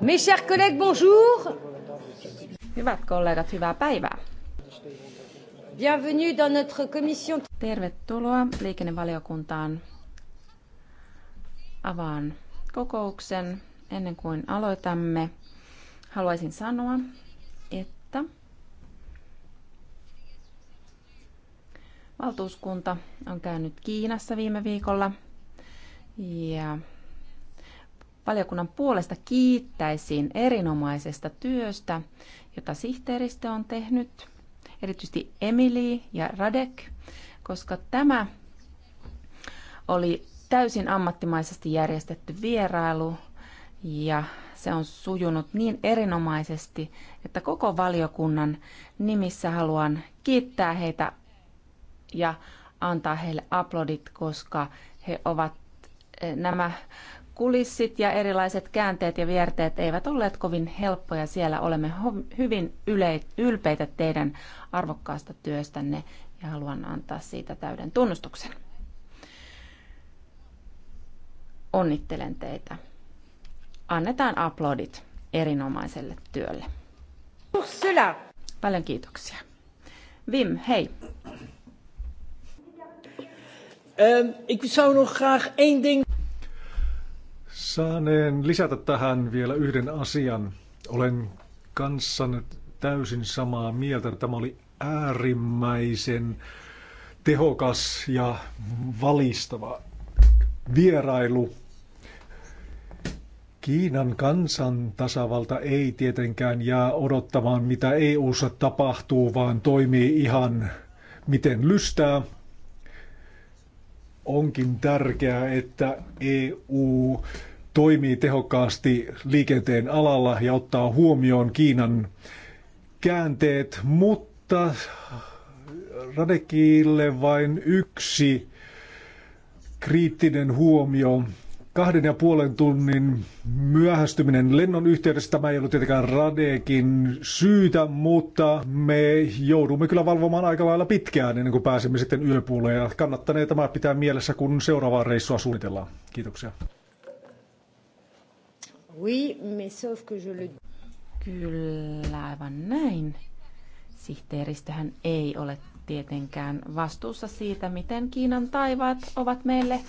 Mes chers collègues, bonjour. Hyvät kollegat, hyvää päivää. Bienvenue dans notre commission. Tervetuloa liikennevaliokuntaan. Avaan kokouksen. Ennen kuin aloitamme, haluaisin sanoa, että valtuuskunta on käynyt Kiinassa viime viikolla ja valiokunnan puolesta kiittäisin erinomaisesta työstä, jota sihteeristö on tehnyt, erityisesti Emily ja Radek, koska tämä oli täysin ammattimaisesti järjestetty vierailu ja se on sujunut niin erinomaisesti, että koko valiokunnan nimissä haluan kiittää heitä ja antaa heille aplodit, koska he ovat eh, nämä kulissit ja erilaiset käänteet ja vierteet eivät olleet kovin helppoja siellä. Olemme hyvin ylpeitä teidän arvokkaasta työstänne ja haluan antaa siitä täyden tunnustuksen. Onnittelen teitä. Annetaan aplodit erinomaiselle työlle. Ursula. Paljon kiitoksia. Vim, hei. Ehm, ik zou nog graag één ding Saaneen lisätä tähän vielä yhden asian. Olen kanssanne täysin samaa mieltä. Tämä oli äärimmäisen tehokas ja valistava vierailu. Kiinan kansan tasavalta ei tietenkään jää odottamaan, mitä EU:ssa tapahtuu, vaan toimii ihan miten lystää. Onkin tärkeää, että EU toimii tehokkaasti liikenteen alalla ja ottaa huomioon Kiinan käänteet, mutta Radekille vain yksi kriittinen huomio. Kahden ja puolen tunnin myöhästyminen lennon yhteydessä, tämä ei ollut tietenkään Radekin syytä, mutta me joudumme kyllä valvomaan aika lailla pitkään ennen kuin pääsemme sitten yöpuolelle. Kannattanee tämä pitää mielessä, kun seuraavaa reissua suunnitellaan. Kiitoksia. Oui, mais sauf que je le... Kyllä, aivan näin. Sihteeristöhän ei ole tietenkään vastuussa siitä, miten Kiinan taivaat ovat meille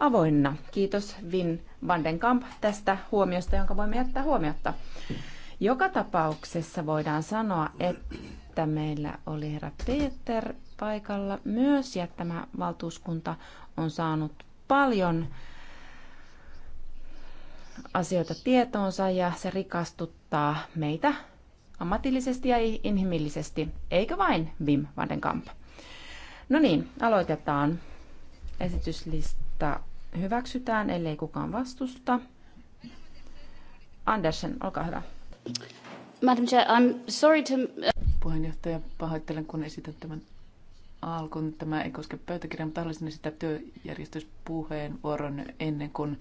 avoinna. Kiitos Vin Vandenkamp tästä huomiosta, jonka voimme jättää huomiotta. Joka tapauksessa voidaan sanoa, että meillä oli herra Peter paikalla myös ja tämä valtuuskunta on saanut paljon asioita tietoonsa ja se rikastuttaa meitä ammatillisesti ja inhimillisesti, eikä vain Wim van den Kamp. No niin, aloitetaan. Esityslista hyväksytään, ellei kukaan vastusta. Andersen, olkaa hyvä. Madam Chair, I'm sorry to... Puheenjohtaja, pahoittelen kun esitän tämän alkun Tämä ei koske pöytäkirjaa, mutta haluaisin esittää työjärjestyspuheenvuoron ennen kuin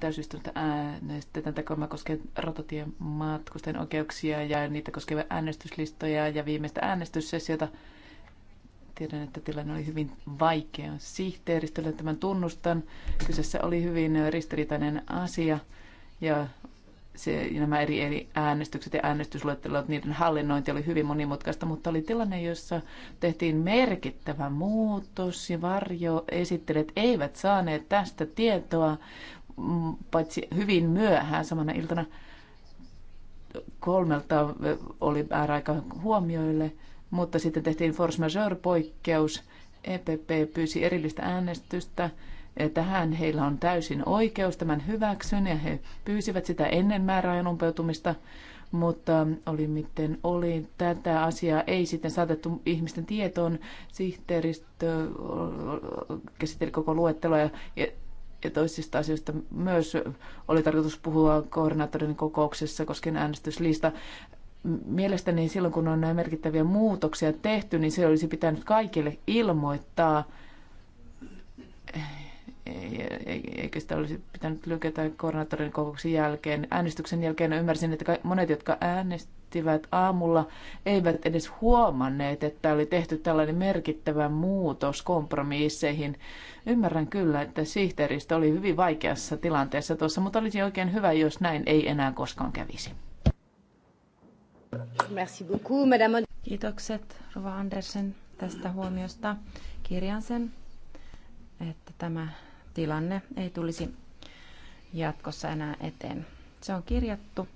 täysistunto äänestetään tämä koskee rototien matkusten oikeuksia ja niitä koskevia äänestyslistoja ja viimeistä äänestyssessiota. Tiedän, että tilanne oli hyvin vaikea sihteeristölle, tämän tunnustan. Kyseessä oli hyvin ristiriitainen asia ja se, nämä eri, eri äänestykset ja äänestysluettelot, niiden hallinnointi oli hyvin monimutkaista, mutta oli tilanne, jossa tehtiin merkittävä muutos ja varjoesittelijät eivät saaneet tästä tietoa, paitsi hyvin myöhään samana iltana kolmelta oli määräaika huomioille, mutta sitten tehtiin force majeure-poikkeus. EPP pyysi erillistä äänestystä. Tähän heillä on täysin oikeus tämän hyväksyn ja he pyysivät sitä ennen määräajan umpeutumista, mutta oli miten oli. Tätä asiaa ei sitten saatettu ihmisten tietoon. Sihteeristö käsitteli koko luetteloa ja ja toisista asioista myös oli tarkoitus puhua koordinaattorin kokouksessa koskien äänestyslista. Mielestäni silloin, kun on näin merkittäviä muutoksia tehty, niin se olisi pitänyt kaikille ilmoittaa eikö sitä olisi pitänyt lykätä koordinaattorin kokouksen jälkeen. Äänestyksen jälkeen ymmärsin, että monet, jotka äänestivät aamulla, eivät edes huomanneet, että oli tehty tällainen merkittävä muutos kompromisseihin. Ymmärrän kyllä, että sihteeristö oli hyvin vaikeassa tilanteessa tuossa, mutta olisi oikein hyvä, jos näin ei enää koskaan kävisi. Merci beaucoup, madame. Kiitokset, Rova Andersen, tästä huomiosta. Kirjan sen, että tämä tilanne ei tulisi jatkossa enää eteen. Se on kirjattu.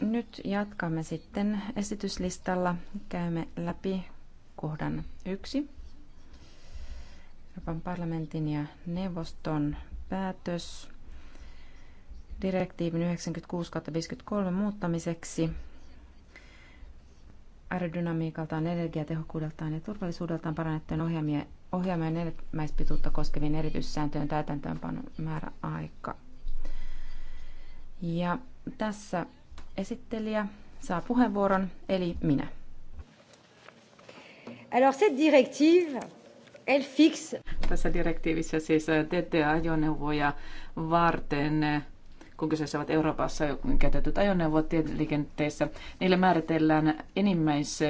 Nyt jatkamme sitten esityslistalla. Käymme läpi kohdan yksi. Euroopan parlamentin ja neuvoston päätös direktiivin 96-53 muuttamiseksi aerodynamiikaltaan, energiatehokkuudeltaan ja turvallisuudeltaan parannettujen ohjaamien ohjelmien enimmäispituutta koskevien erityissääntöjen täytäntöönpanon määräaika. Ja tässä esittelijä saa puheenvuoron, eli minä. Alors cette directive, elle fixe... Tässä direktiivissä siis äh, tta ajoneuvoja varten äh, kun kyseessä ovat Euroopassa käytetyt ajoneuvot liikenteessä, niille määritellään enimmäis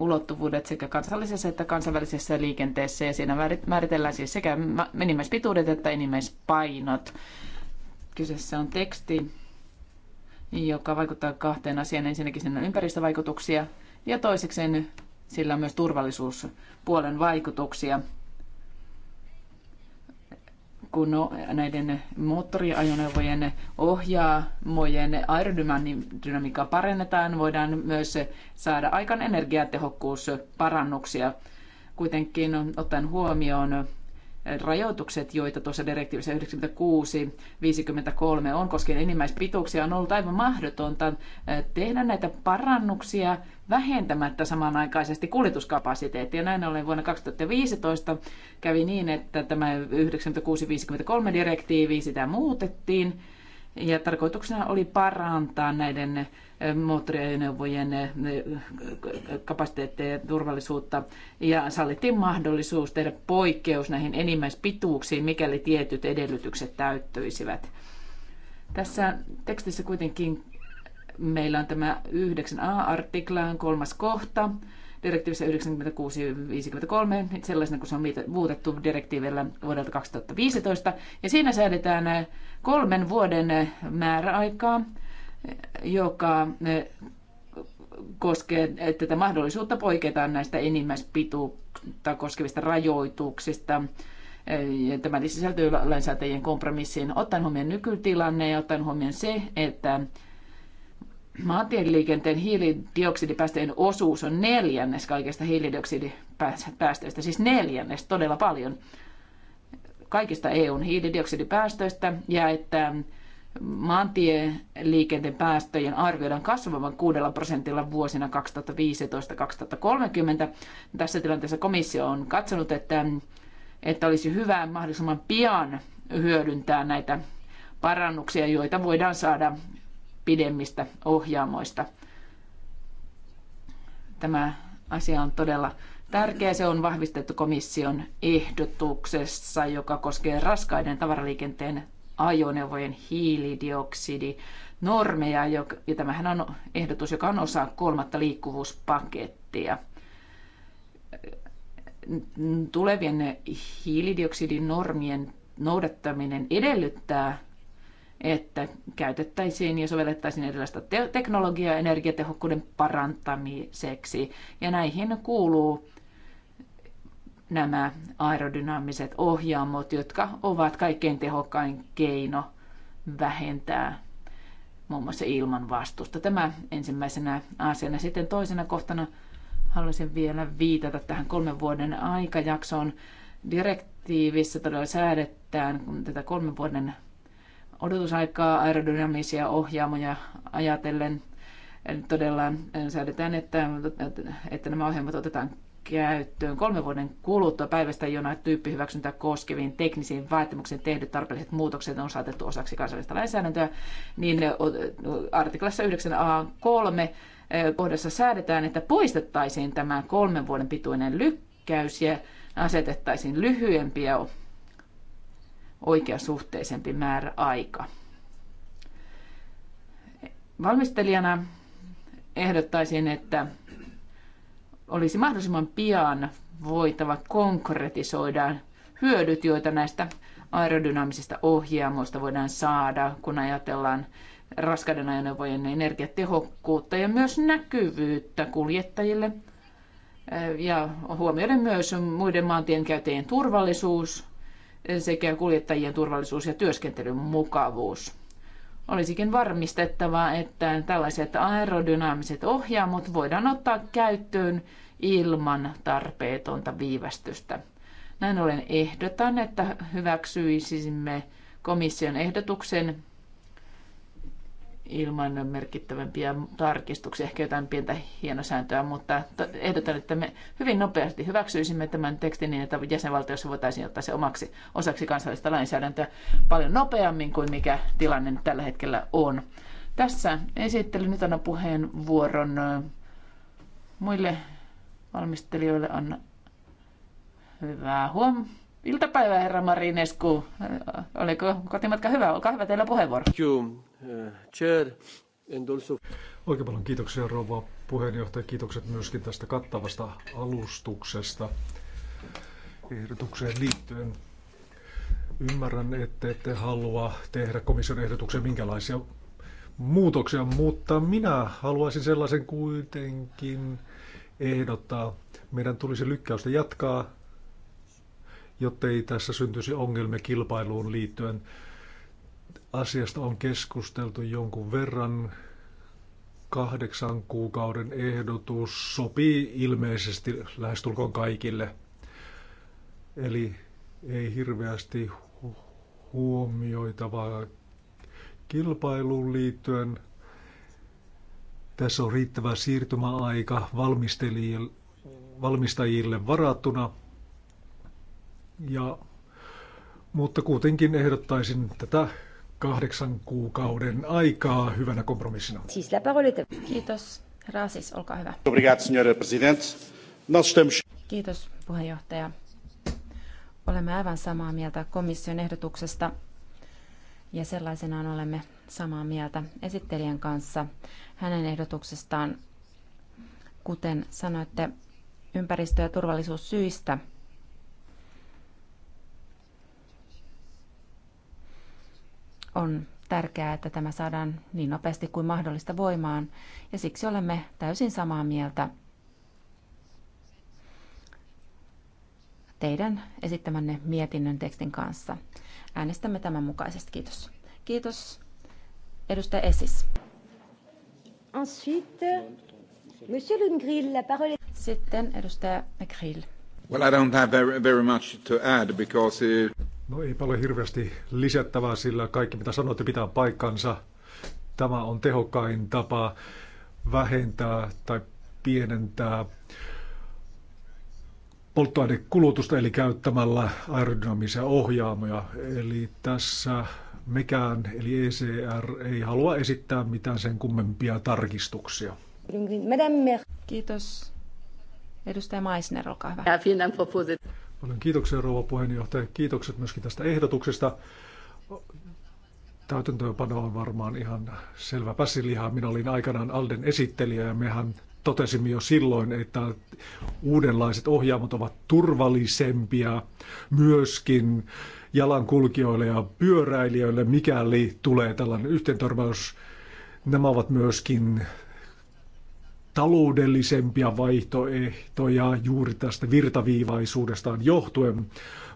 ulottuvuudet sekä kansallisessa että kansainvälisessä liikenteessä ja siinä määritellään siis sekä enimmäispituudet että enimmäispainot. Kyseessä on teksti, joka vaikuttaa kahteen asiaan. Ensinnäkin sen ympäristövaikutuksia ja toisekseen sillä on myös turvallisuuspuolen vaikutuksia kun no, näiden moottoriajoneuvojen ohjaamojen aerodynamiikkaa parannetaan, voidaan myös saada aikaan energiatehokkuusparannuksia. Kuitenkin ottaen huomioon rajoitukset, joita tuossa direktiivissä 96-53 on koskien enimmäispituuksia, on ollut aivan mahdotonta tehdä näitä parannuksia vähentämättä samanaikaisesti kuljetuskapasiteettia. Näin ollen vuonna 2015 kävi niin, että tämä 96-53 direktiivi, sitä muutettiin ja tarkoituksena oli parantaa näiden moottoriajoneuvojen kapasiteetteja ja turvallisuutta ja sallittiin mahdollisuus tehdä poikkeus näihin enimmäispituuksiin, mikäli tietyt edellytykset täyttyisivät. Tässä tekstissä kuitenkin meillä on tämä 9a-artiklaan kolmas kohta, direktiivissä 9653, niin sellaisena kuin se on muutettu direktiivillä vuodelta 2015, ja siinä säädetään kolmen vuoden eh, määräaikaa, eh, joka eh, koskee tätä mahdollisuutta poiketa näistä enimmäispituutta koskevista rajoituksista. Tämä sisältyy lainsäätäjien kompromissiin. Ottaen huomioon nykytilanne ja ottaen huomioon se, että maantieliikenteen hiilidioksidipäästöjen osuus on neljännes kaikista hiilidioksidipäästöistä, siis neljännes, todella paljon – kaikista EUn hiilidioksidipäästöistä ja että maantieliikenteen päästöjen arvioidaan kasvavan 6 prosentilla vuosina 2015-2030. Tässä tilanteessa komissio on katsonut, että, että olisi hyvä mahdollisimman pian hyödyntää näitä parannuksia, joita voidaan saada pidemmistä ohjaamoista. Tämä asia on todella tärkeä. Se on vahvistettu komission ehdotuksessa, joka koskee raskaiden tavaraliikenteen ajoneuvojen hiilidioksidinormeja, ja tämähän on ehdotus, joka on osa kolmatta liikkuvuuspakettia. Tulevien hiilidioksidinormien noudattaminen edellyttää, että käytettäisiin ja sovellettaisiin erilaista teknologiaa energiatehokkuuden parantamiseksi. Ja näihin kuuluu nämä aerodynaamiset ohjaamot, jotka ovat kaikkein tehokkain keino vähentää muun muassa ilman vastusta. Tämä ensimmäisenä asiana. Sitten toisena kohtana haluaisin vielä viitata tähän kolmen vuoden aikajaksoon. Direktiivissä todella säädetään tätä kolmen vuoden odotusaikaa aerodynamisia ohjaamoja ajatellen. Eli todella säädetään, että, että nämä ohjelmat otetaan käyttöön kolmen vuoden kuluttua päivästä, jona tyyppihyväksyntä koskeviin teknisiin vaatimuksiin tehdyt tarpeelliset muutokset on saatettu osaksi kansallista lainsäädäntöä, niin artiklassa 9a3 kohdassa säädetään, että poistettaisiin tämä kolmen vuoden pituinen lykkäys ja asetettaisiin lyhyempi ja oikeasuhteisempi määräaika. Valmistelijana ehdottaisin, että olisi mahdollisimman pian voitava konkretisoida hyödyt, joita näistä aerodynaamisista ohjaamoista voidaan saada, kun ajatellaan raskaiden ajoneuvojen energiatehokkuutta ja myös näkyvyyttä kuljettajille. Ja huomioiden myös muiden käyttäjien turvallisuus sekä kuljettajien turvallisuus ja työskentelyn mukavuus. Olisikin varmistettava, että tällaiset aerodynaamiset ohjaamot voidaan ottaa käyttöön ilman tarpeetonta viivästystä. Näin ollen ehdotan, että hyväksyisimme komission ehdotuksen ilman merkittävämpiä tarkistuksia, ehkä jotain pientä hienosääntöä, mutta ehdotan, että me hyvin nopeasti hyväksyisimme tämän tekstin niin, että jäsenvaltiossa voitaisiin ottaa se omaksi osaksi kansallista lainsäädäntöä paljon nopeammin kuin mikä tilanne tällä hetkellä on. Tässä esittely. Nyt annan puheenvuoron äh, muille valmistelijoille. Anna hyvää huomenta Iltapäivää, herra Marinescu. Oliko kotimatka hyvä? Olkaa hyvä, teillä puheenvuoro. Uh, Oikein paljon kiitoksia rouva puheenjohtaja. Kiitokset myöskin tästä kattavasta alustuksesta ehdotukseen liittyen. Ymmärrän, että ette halua tehdä komission ehdotuksen minkälaisia muutoksia, mutta minä haluaisin sellaisen kuitenkin ehdottaa. Meidän tulisi lykkäystä jatkaa jotta ei tässä syntyisi ongelmia kilpailuun liittyen. Asiasta on keskusteltu jonkun verran. Kahdeksan kuukauden ehdotus sopii ilmeisesti lähestulkoon kaikille. Eli ei hirveästi huomioitavaa kilpailuun liittyen. Tässä on riittävä siirtymäaika valmistajille varattuna – ja, mutta kuitenkin ehdottaisin tätä kahdeksan kuukauden aikaa hyvänä kompromissina. Siis Kiitos. Rasis, olkaa hyvä. Obrigado, senhora presidente. Kiitos, puheenjohtaja. Olemme aivan samaa mieltä komission ehdotuksesta ja sellaisenaan olemme samaa mieltä esittelijän kanssa hänen ehdotuksestaan. Kuten sanoitte, ympäristö- ja turvallisuussyistä – on tärkeää, että tämä saadaan niin nopeasti kuin mahdollista voimaan, ja siksi olemme täysin samaa mieltä teidän esittämänne mietinnön tekstin kanssa. Äänestämme tämän mukaisesti. Kiitos. Kiitos. Edustaja Esis. Ensuite, Monsieur Lundgren, la parole Sitten edustaja McGrill. Well, I don't have very, very much to add because... Uh, No ei paljon hirveästi lisättävää, sillä kaikki mitä sanoitte pitää paikkansa. Tämä on tehokkain tapa vähentää tai pienentää polttoainekulutusta, eli käyttämällä aerodynamisia ohjaamoja. Eli tässä mekään, eli ECR, ei halua esittää mitään sen kummempia tarkistuksia. Kiitos. Edustaja Maisner, olkaa hyvä. Paljon kiitoksia rouva puheenjohtaja. Kiitokset myöskin tästä ehdotuksesta. Täytäntöönpano on varmaan ihan selvä pässiliha. Minä olin aikanaan Alden esittelijä ja mehän totesimme jo silloin, että uudenlaiset ohjaamot ovat turvallisempia myöskin jalankulkijoille ja pyöräilijöille, mikäli tulee tällainen yhteentörmäys. Nämä ovat myöskin taloudellisempia vaihtoehtoja juuri tästä virtaviivaisuudestaan johtuen.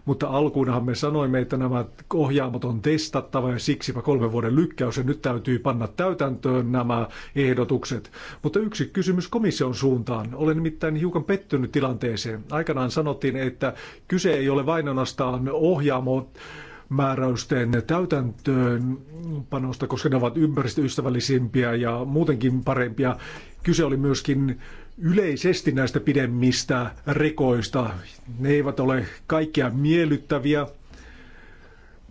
Mutta alkuunhan me sanoimme, että nämä ohjaamot on testattava ja siksipä kolmen vuoden lykkäys ja nyt täytyy panna täytäntöön nämä ehdotukset. Mutta yksi kysymys komission suuntaan. Olen nimittäin hiukan pettynyt tilanteeseen. Aikanaan sanottiin, että kyse ei ole vain ainoastaan ohjaamo määräysten täytäntöön panosta, koska ne ovat ympäristöystävällisimpiä ja muutenkin parempia. Kyse oli myöskin yleisesti näistä pidemmistä rekoista. Ne eivät ole kaikkia miellyttäviä,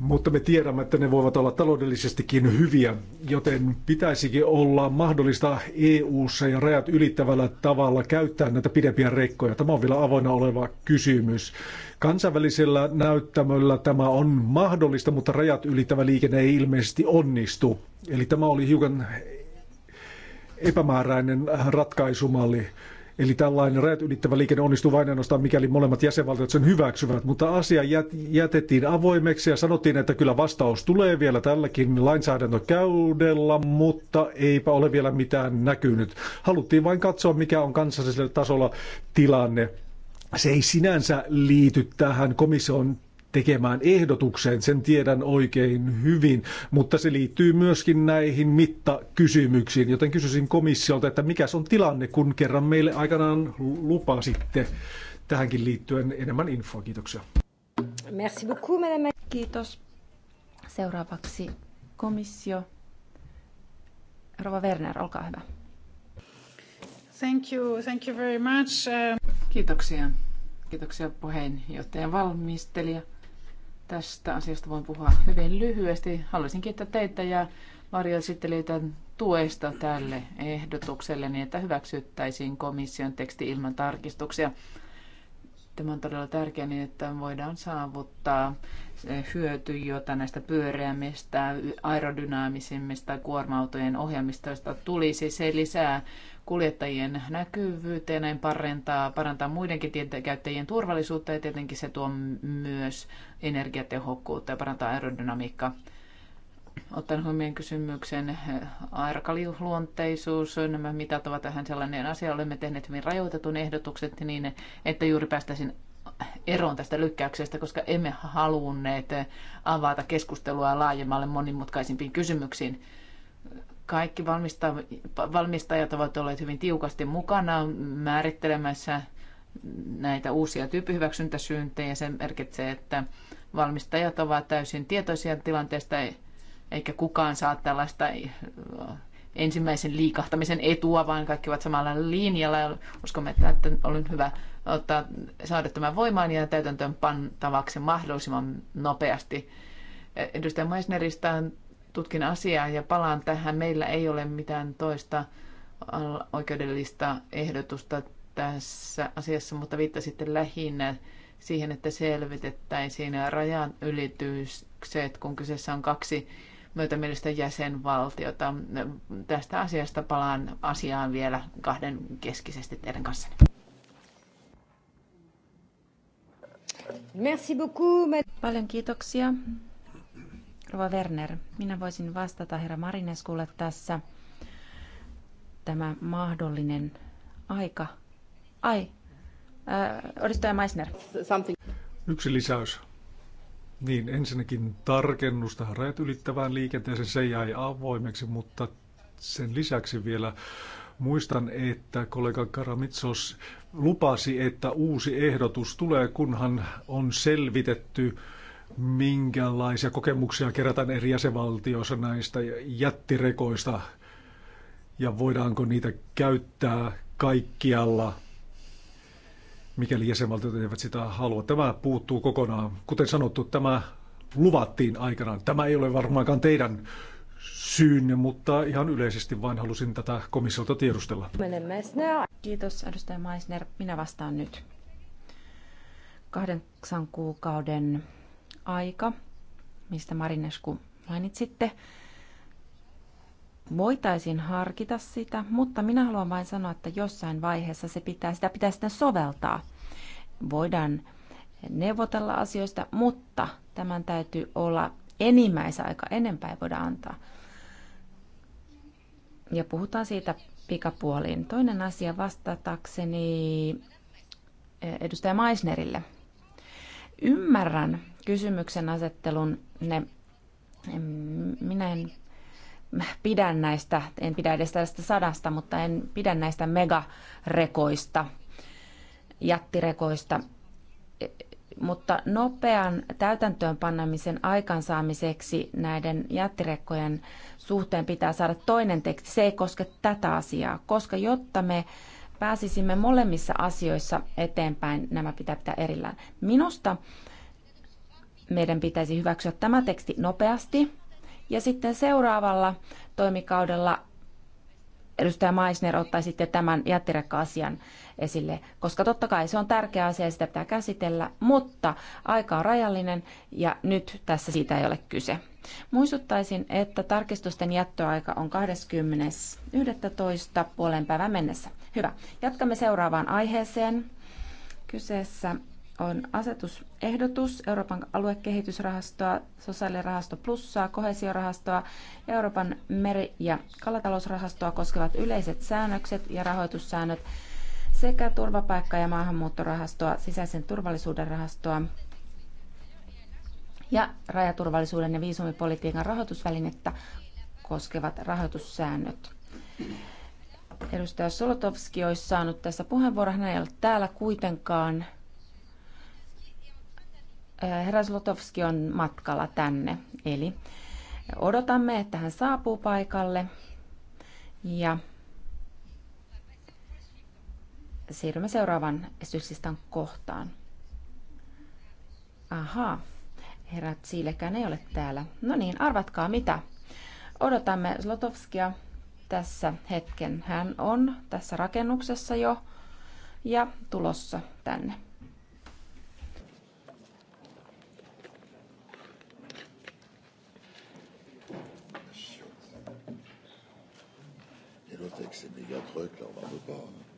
mutta me tiedämme, että ne voivat olla taloudellisestikin hyviä, joten pitäisikin olla mahdollista EU-ssa ja rajat ylittävällä tavalla käyttää näitä pidempiä rekkoja. Tämä on vielä avoinna oleva kysymys. Kansainvälisellä näyttämöllä tämä on mahdollista, mutta rajat ylittävä liikenne ei ilmeisesti onnistu. Eli tämä oli hiukan epämääräinen ratkaisumalli. Eli tällainen rajat ylittävä liikenne onnistuu vain ainoastaan, mikäli molemmat jäsenvaltiot sen hyväksyvät. Mutta asia jätettiin avoimeksi ja sanottiin, että kyllä vastaus tulee vielä tälläkin lainsäädäntökäydellä, mutta eipä ole vielä mitään näkynyt. Haluttiin vain katsoa, mikä on kansallisella tasolla tilanne. Se ei sinänsä liity tähän komission tekemään ehdotuksen, sen tiedän oikein hyvin, mutta se liittyy myöskin näihin mittakysymyksiin, joten kysyisin komissiolta, että mikä on tilanne, kun kerran meille aikanaan lupasitte tähänkin liittyen enemmän infoa. Kiitoksia. Merci beaucoup, madame. Kiitos. Seuraavaksi komissio. Rova Werner, olkaa hyvä. Thank you, thank you very much. Kiitoksia. Kiitoksia puheenjohtajan valmistelija. Tästä asiasta voin puhua hyvin lyhyesti. Haluaisin kiittää teitä ja varjoesittelijöitä tuesta tälle ehdotukselle niin, että hyväksyttäisiin komission teksti ilman tarkistuksia. Tämä on todella tärkeää niin, että voidaan saavuttaa hyöty, jota näistä pyöreämistä, aerodynaamisimmista kuorma-autojen ohjelmistoista tulisi. Se lisää kuljettajien näkyvyyttä ja näin parantaa, parantaa muidenkin tienkäyttäjien turvallisuutta ja tietenkin se tuo myös energiatehokkuutta ja parantaa aerodynamiikkaa ottaen huomioon kysymyksen eh, arkaliluonteisuus, nämä mitat ovat vähän sellainen asia. Olemme tehneet hyvin rajoitetun ehdotukset niin, että juuri päästäisiin eroon tästä lykkäyksestä, koska emme halunneet avata keskustelua laajemmalle monimutkaisimpiin kysymyksiin. Kaikki valmistajat ovat olleet hyvin tiukasti mukana määrittelemässä näitä uusia tyyppihyväksyntäsyyntejä. Se merkitsee, että valmistajat ovat täysin tietoisia tilanteesta, eikä kukaan saa tällaista äh, ensimmäisen liikahtamisen etua, vaan kaikki ovat samalla linjalla. Uskomme, että on hyvä ottaa, saada tämän voimaan ja täytäntöön pantavaksi mahdollisimman nopeasti. Äh, edustaja Meisneristä tutkin asiaa ja palaan tähän. Meillä ei ole mitään toista oikeudellista ehdotusta tässä asiassa, mutta viittasitte lähinnä siihen, että selvitettäisiin rajan ylitykset, kun kyseessä on kaksi myötämielisten jäsenvaltiota. Tästä asiasta palaan asiaan vielä kahden keskisesti teidän kanssanne. Merci beaucoup. Paljon kiitoksia. Rova Werner, minä voisin vastata herra Marineskulle tässä. Tämä mahdollinen aika. Ai, äh, edustaja Meissner. Yksi lisäys niin, ensinnäkin tarkennus tähän rajat ylittävään liikenteeseen, se jäi avoimeksi, mutta sen lisäksi vielä muistan, että kollega Karamitsos lupasi, että uusi ehdotus tulee, kunhan on selvitetty, minkälaisia kokemuksia kerätään eri jäsenvaltioissa näistä jättirekoista ja voidaanko niitä käyttää kaikkialla – mikäli jäsenvaltiot eivät sitä halua. Tämä puuttuu kokonaan. Kuten sanottu, tämä luvattiin aikanaan. Tämä ei ole varmaankaan teidän syynne, mutta ihan yleisesti vain halusin tätä komissiolta tiedustella. Kiitos, edustaja Meisner. Minä vastaan nyt. Kahdeksan kuukauden aika, mistä Marinesku mainitsitte. Voitaisiin harkita sitä, mutta minä haluan vain sanoa, että jossain vaiheessa se pitää, sitä pitää sitten soveltaa voidaan neuvotella asioista, mutta tämän täytyy olla enimmäisaika, enempää ei voida antaa. Ja puhutaan siitä pikapuoliin. Toinen asia vastatakseni eh, edustaja Maisnerille. Ymmärrän kysymyksen asettelun. Ne, minä en pidä näistä, en pidä edes tästä sadasta, mutta en pidä näistä megarekoista – jättirekoista, mutta nopean täytäntöönpannamisen aikansaamiseksi näiden jättirekkojen suhteen pitää saada toinen teksti. Se ei koske tätä asiaa, koska jotta me pääsisimme molemmissa asioissa eteenpäin, nämä pitää pitää erillään. Minusta meidän pitäisi hyväksyä tämä teksti nopeasti ja sitten seuraavalla toimikaudella edustaja Maisner, ottaisitte tämän jättirekka-asian esille, koska totta kai se on tärkeä asia ja sitä pitää käsitellä, mutta aika on rajallinen ja nyt tässä siitä ei ole kyse. Muistuttaisin, että tarkistusten jättöaika on 20.11. puolen päivän mennessä. Hyvä. Jatkamme seuraavaan aiheeseen. Kyseessä on asetusehdotus Euroopan aluekehitysrahastoa, sosiaalirahasto plussaa, kohesiorahastoa, Euroopan meri- ja kalatalousrahastoa koskevat yleiset säännökset ja rahoitussäännöt sekä turvapaikka- ja maahanmuuttorahastoa, sisäisen turvallisuuden rahastoa ja rajaturvallisuuden ja viisumipolitiikan rahoitusvälinettä koskevat rahoitussäännöt. Edustaja Solotovski olisi saanut tässä puheenvuoron. Hän ei ole täällä kuitenkaan Äh, herra Zlotowski on matkalla tänne, eli odotamme, että hän saapuu paikalle ja siirrymme seuraavan esityslistan kohtaan. Ahaa, herra Siilekään ei ole täällä. No niin, arvatkaa mitä. Odotamme Zlotowskia tässä hetken. Hän on tässä rakennuksessa jo ja tulossa tänne. il y a un truc là, on pas. Hein.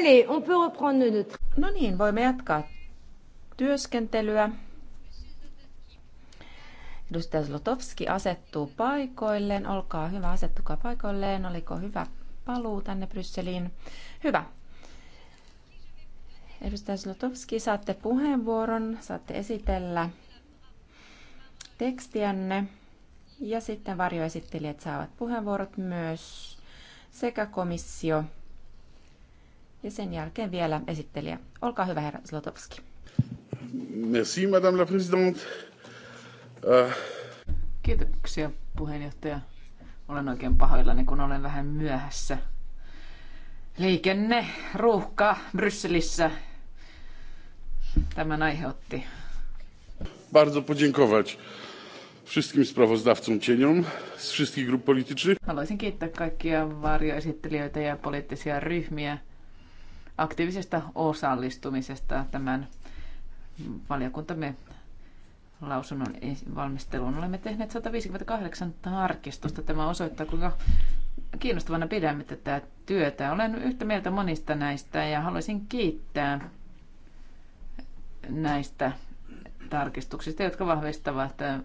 Eli on peut reprendre notre... No niin, voimme jatkaa työskentelyä. Edustaja Zlotowski asettuu paikoilleen. Olkaa hyvä, asettukaa paikoilleen. Oliko hyvä paluu tänne Brysseliin? Hyvä. Edustaja Zlotowski, saatte puheenvuoron, saatte esitellä tekstiänne ja sitten varjoesittelijät saavat puheenvuorot myös sekä komissio ja sen jälkeen vielä esittelijä. Olkaa hyvä, herra Zlotowski. Merci, madame la présidente. Uh... Kiitoksia, puheenjohtaja. Olen oikein pahoillani, kun olen vähän myöhässä. Liikenne, ruuhka Brysselissä. Tämän aiheutti. Bardzo podziękować wszystkim sprawozdawcom cieniom z wszystkich grup politycznych. Haluaisin kiittää kaikkia varjoesittelijöitä ja poliittisia ryhmiä aktiivisesta osallistumisesta tämän valiokuntamme lausunnon valmisteluun. Olemme tehneet 158 tarkistusta. Tämä osoittaa, kuinka kiinnostavana pidämme tätä työtä. Olen yhtä mieltä monista näistä ja haluaisin kiittää näistä tarkistuksista, jotka vahvistavat äh,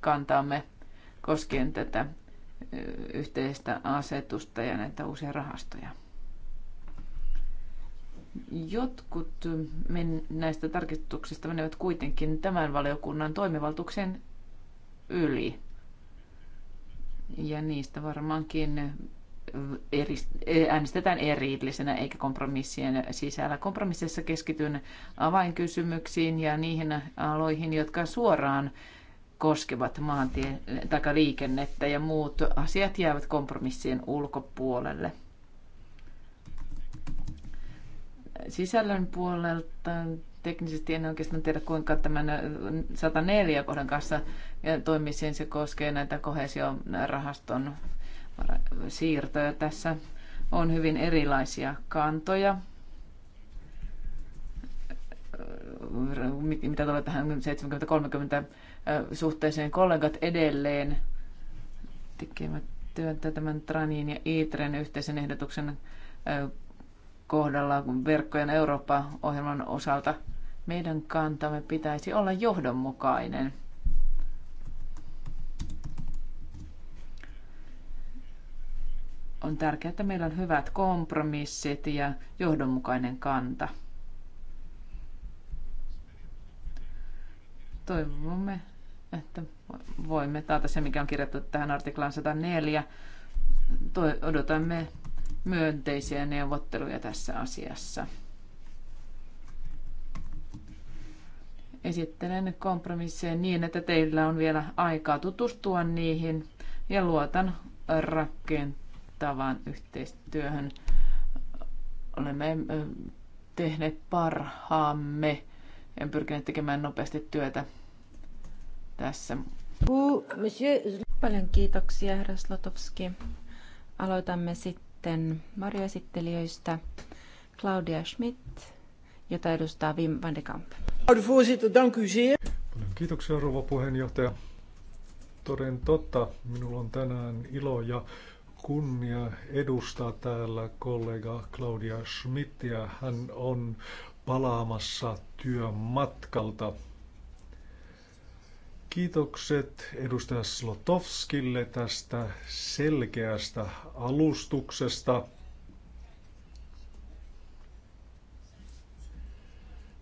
kantaamme koskien tätä äh, yhteistä asetusta ja näitä uusia rahastoja. Jotkut näistä tarkistuksista menevät kuitenkin tämän valiokunnan toimivaltuuksien yli. Ja niistä varmaankin eri, äänestetään erillisenä eikä kompromissien sisällä. Kompromississa keskityn avainkysymyksiin ja niihin aloihin, jotka suoraan koskevat maantien liikennettä ja muut asiat jäävät kompromissien ulkopuolelle. sisällön puolelta teknisesti en oikeastaan tiedä, kuinka tämän 104 kohdan kanssa toimisi. Se koskee näitä kohesiorahaston siirtoja. Tässä on hyvin erilaisia kantoja. Mitä tulee tähän 70-30 suhteeseen, kollegat edelleen tekevät työtä tämän Tranin ja Itren yhteisen ehdotuksen kohdalla verkkojen Eurooppa-ohjelman osalta meidän kantamme pitäisi olla johdonmukainen. On tärkeää, että meillä on hyvät kompromissit ja johdonmukainen kanta. Toivomme, että voimme taata se, mikä on kirjattu tähän artiklaan 104. Odotamme myönteisiä neuvotteluja tässä asiassa. Esittelen kompromisseja niin, että teillä on vielä aikaa tutustua niihin ja luotan rakentavaan yhteistyöhön. Olemme tehneet parhaamme. En pyrkinyt tekemään nopeasti työtä tässä. Paljon kiitoksia, herra Slotowski. Aloitamme sitten sitten varjoesittelijöistä Claudia Schmidt, jota edustaa Wim van de Kamp. kiitoksia, rouva puheenjohtaja. Toden totta, minulla on tänään ilo ja kunnia edustaa täällä kollega Claudia Schmidtia. Hän on palaamassa työmatkalta Kiitokset edustaja Slotovskille tästä selkeästä alustuksesta.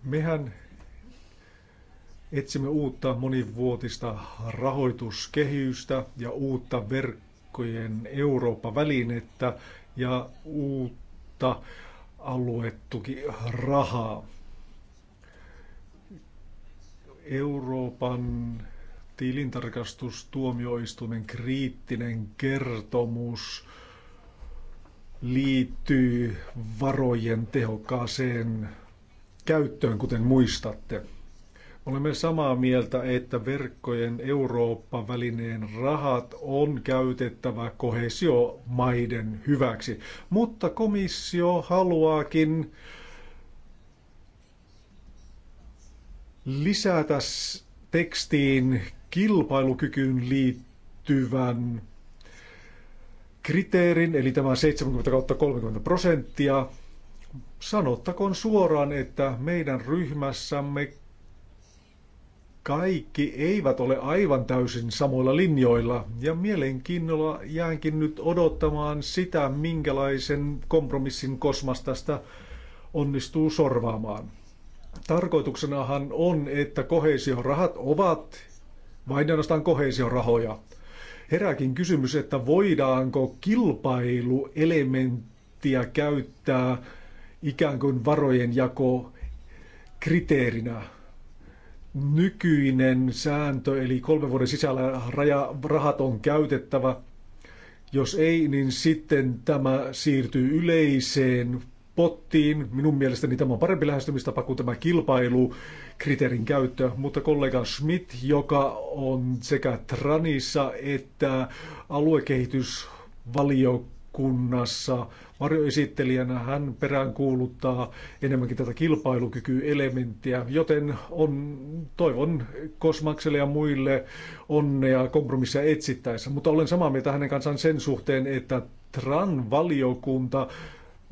Mehän etsimme uutta monivuotista rahoituskehystä ja uutta verkkojen Eurooppa-välinettä ja uutta aluetuki rahaa. Euroopan tuomioistuimen kriittinen kertomus liittyy varojen tehokkaaseen käyttöön, kuten muistatte. Olemme samaa mieltä, että verkkojen Eurooppa-välineen rahat on käytettävä kohesiomaiden hyväksi, mutta komissio haluaakin lisätä tekstiin kilpailukykyyn liittyvän kriteerin, eli tämä 70-30 prosenttia. Sanottakoon suoraan, että meidän ryhmässämme kaikki eivät ole aivan täysin samoilla linjoilla, ja mielenkiinnolla jäänkin nyt odottamaan sitä, minkälaisen kompromissin kosmas tästä onnistuu sorvaamaan. Tarkoituksenahan on, että kohesiorahat ovat vain ainoastaan kohesiorahoja. Herääkin kysymys, että voidaanko kilpailuelementtiä käyttää ikään kuin varojen jako kriteerinä. Nykyinen sääntö, eli kolmen vuoden sisällä raja, rahat on käytettävä. Jos ei, niin sitten tämä siirtyy yleiseen pottiin. Minun mielestäni tämä on parempi lähestymistapa kuin tämä kilpailukriteerin käyttö, mutta kollega Schmidt, joka on sekä Tranissa että aluekehitysvaliokunnassa varjoesittelijänä, hän peräänkuuluttaa enemmänkin tätä kilpailukykyelementtiä, joten on, toivon Kosmakselle ja muille onnea kompromissia etsittäessä, mutta olen samaa mieltä hänen kanssaan sen suhteen, että Tran-valiokunta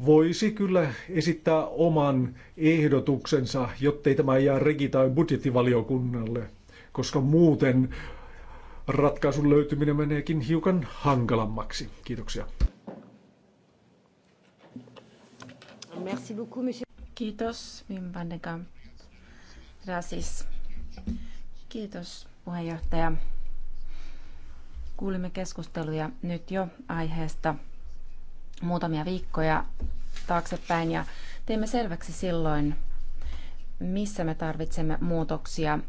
voisi kyllä esittää oman ehdotuksensa, jottei tämä jää regi- tai budjettivaliokunnalle, koska muuten ratkaisun löytyminen meneekin hiukan hankalammaksi. Kiitoksia. Merci beaucoup, monsieur. Kiitos, Wim van de Rasis. Kiitos, puheenjohtaja. Kuulimme keskusteluja nyt jo aiheesta – muutamia viikkoja taaksepäin ja teimme selväksi silloin, missä me tarvitsemme muutoksia,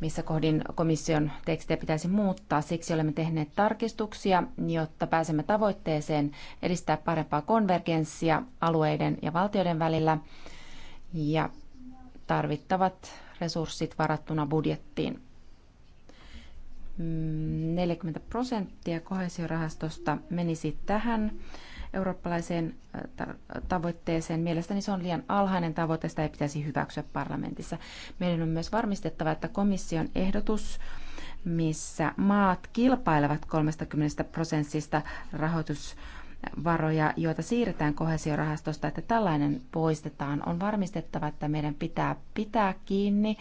missä kohdin komission tekstejä pitäisi muuttaa. Siksi olemme tehneet tarkistuksia, jotta pääsemme tavoitteeseen edistää parempaa konvergenssia alueiden ja valtioiden välillä ja tarvittavat resurssit varattuna budjettiin. 40 mm, prosenttia kohesiorahastosta menisi tähän eurooppalaiseen tavoitteeseen. Mielestäni se on liian alhainen tavoite, sitä ei pitäisi hyväksyä parlamentissa. Meidän on myös varmistettava, että komission ehdotus missä maat kilpailevat 30 prosentista rahoitus varoja, joita siirretään kohesiorahastosta, että tällainen poistetaan. On varmistettava, että meidän pitää pitää kiinni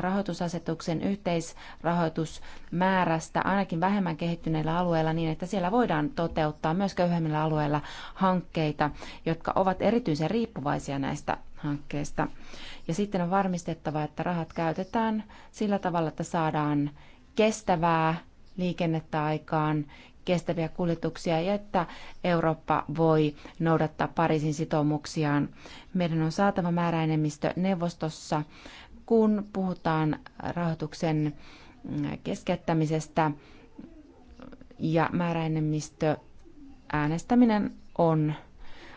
rahoitusasetuksen yhteisrahoitusmäärästä ainakin vähemmän kehittyneillä alueilla niin, että siellä voidaan toteuttaa myös köyhemmillä alueilla hankkeita, jotka ovat erityisen riippuvaisia näistä hankkeista. Ja sitten on varmistettava, että rahat käytetään sillä tavalla, että saadaan kestävää liikennettä aikaan kestäviä kuljetuksia ja että Eurooppa voi noudattaa Pariisin sitoumuksiaan. Meidän on saatava määräenemmistö neuvostossa, kun puhutaan rahoituksen keskeyttämisestä ja määräenemmistö äänestäminen on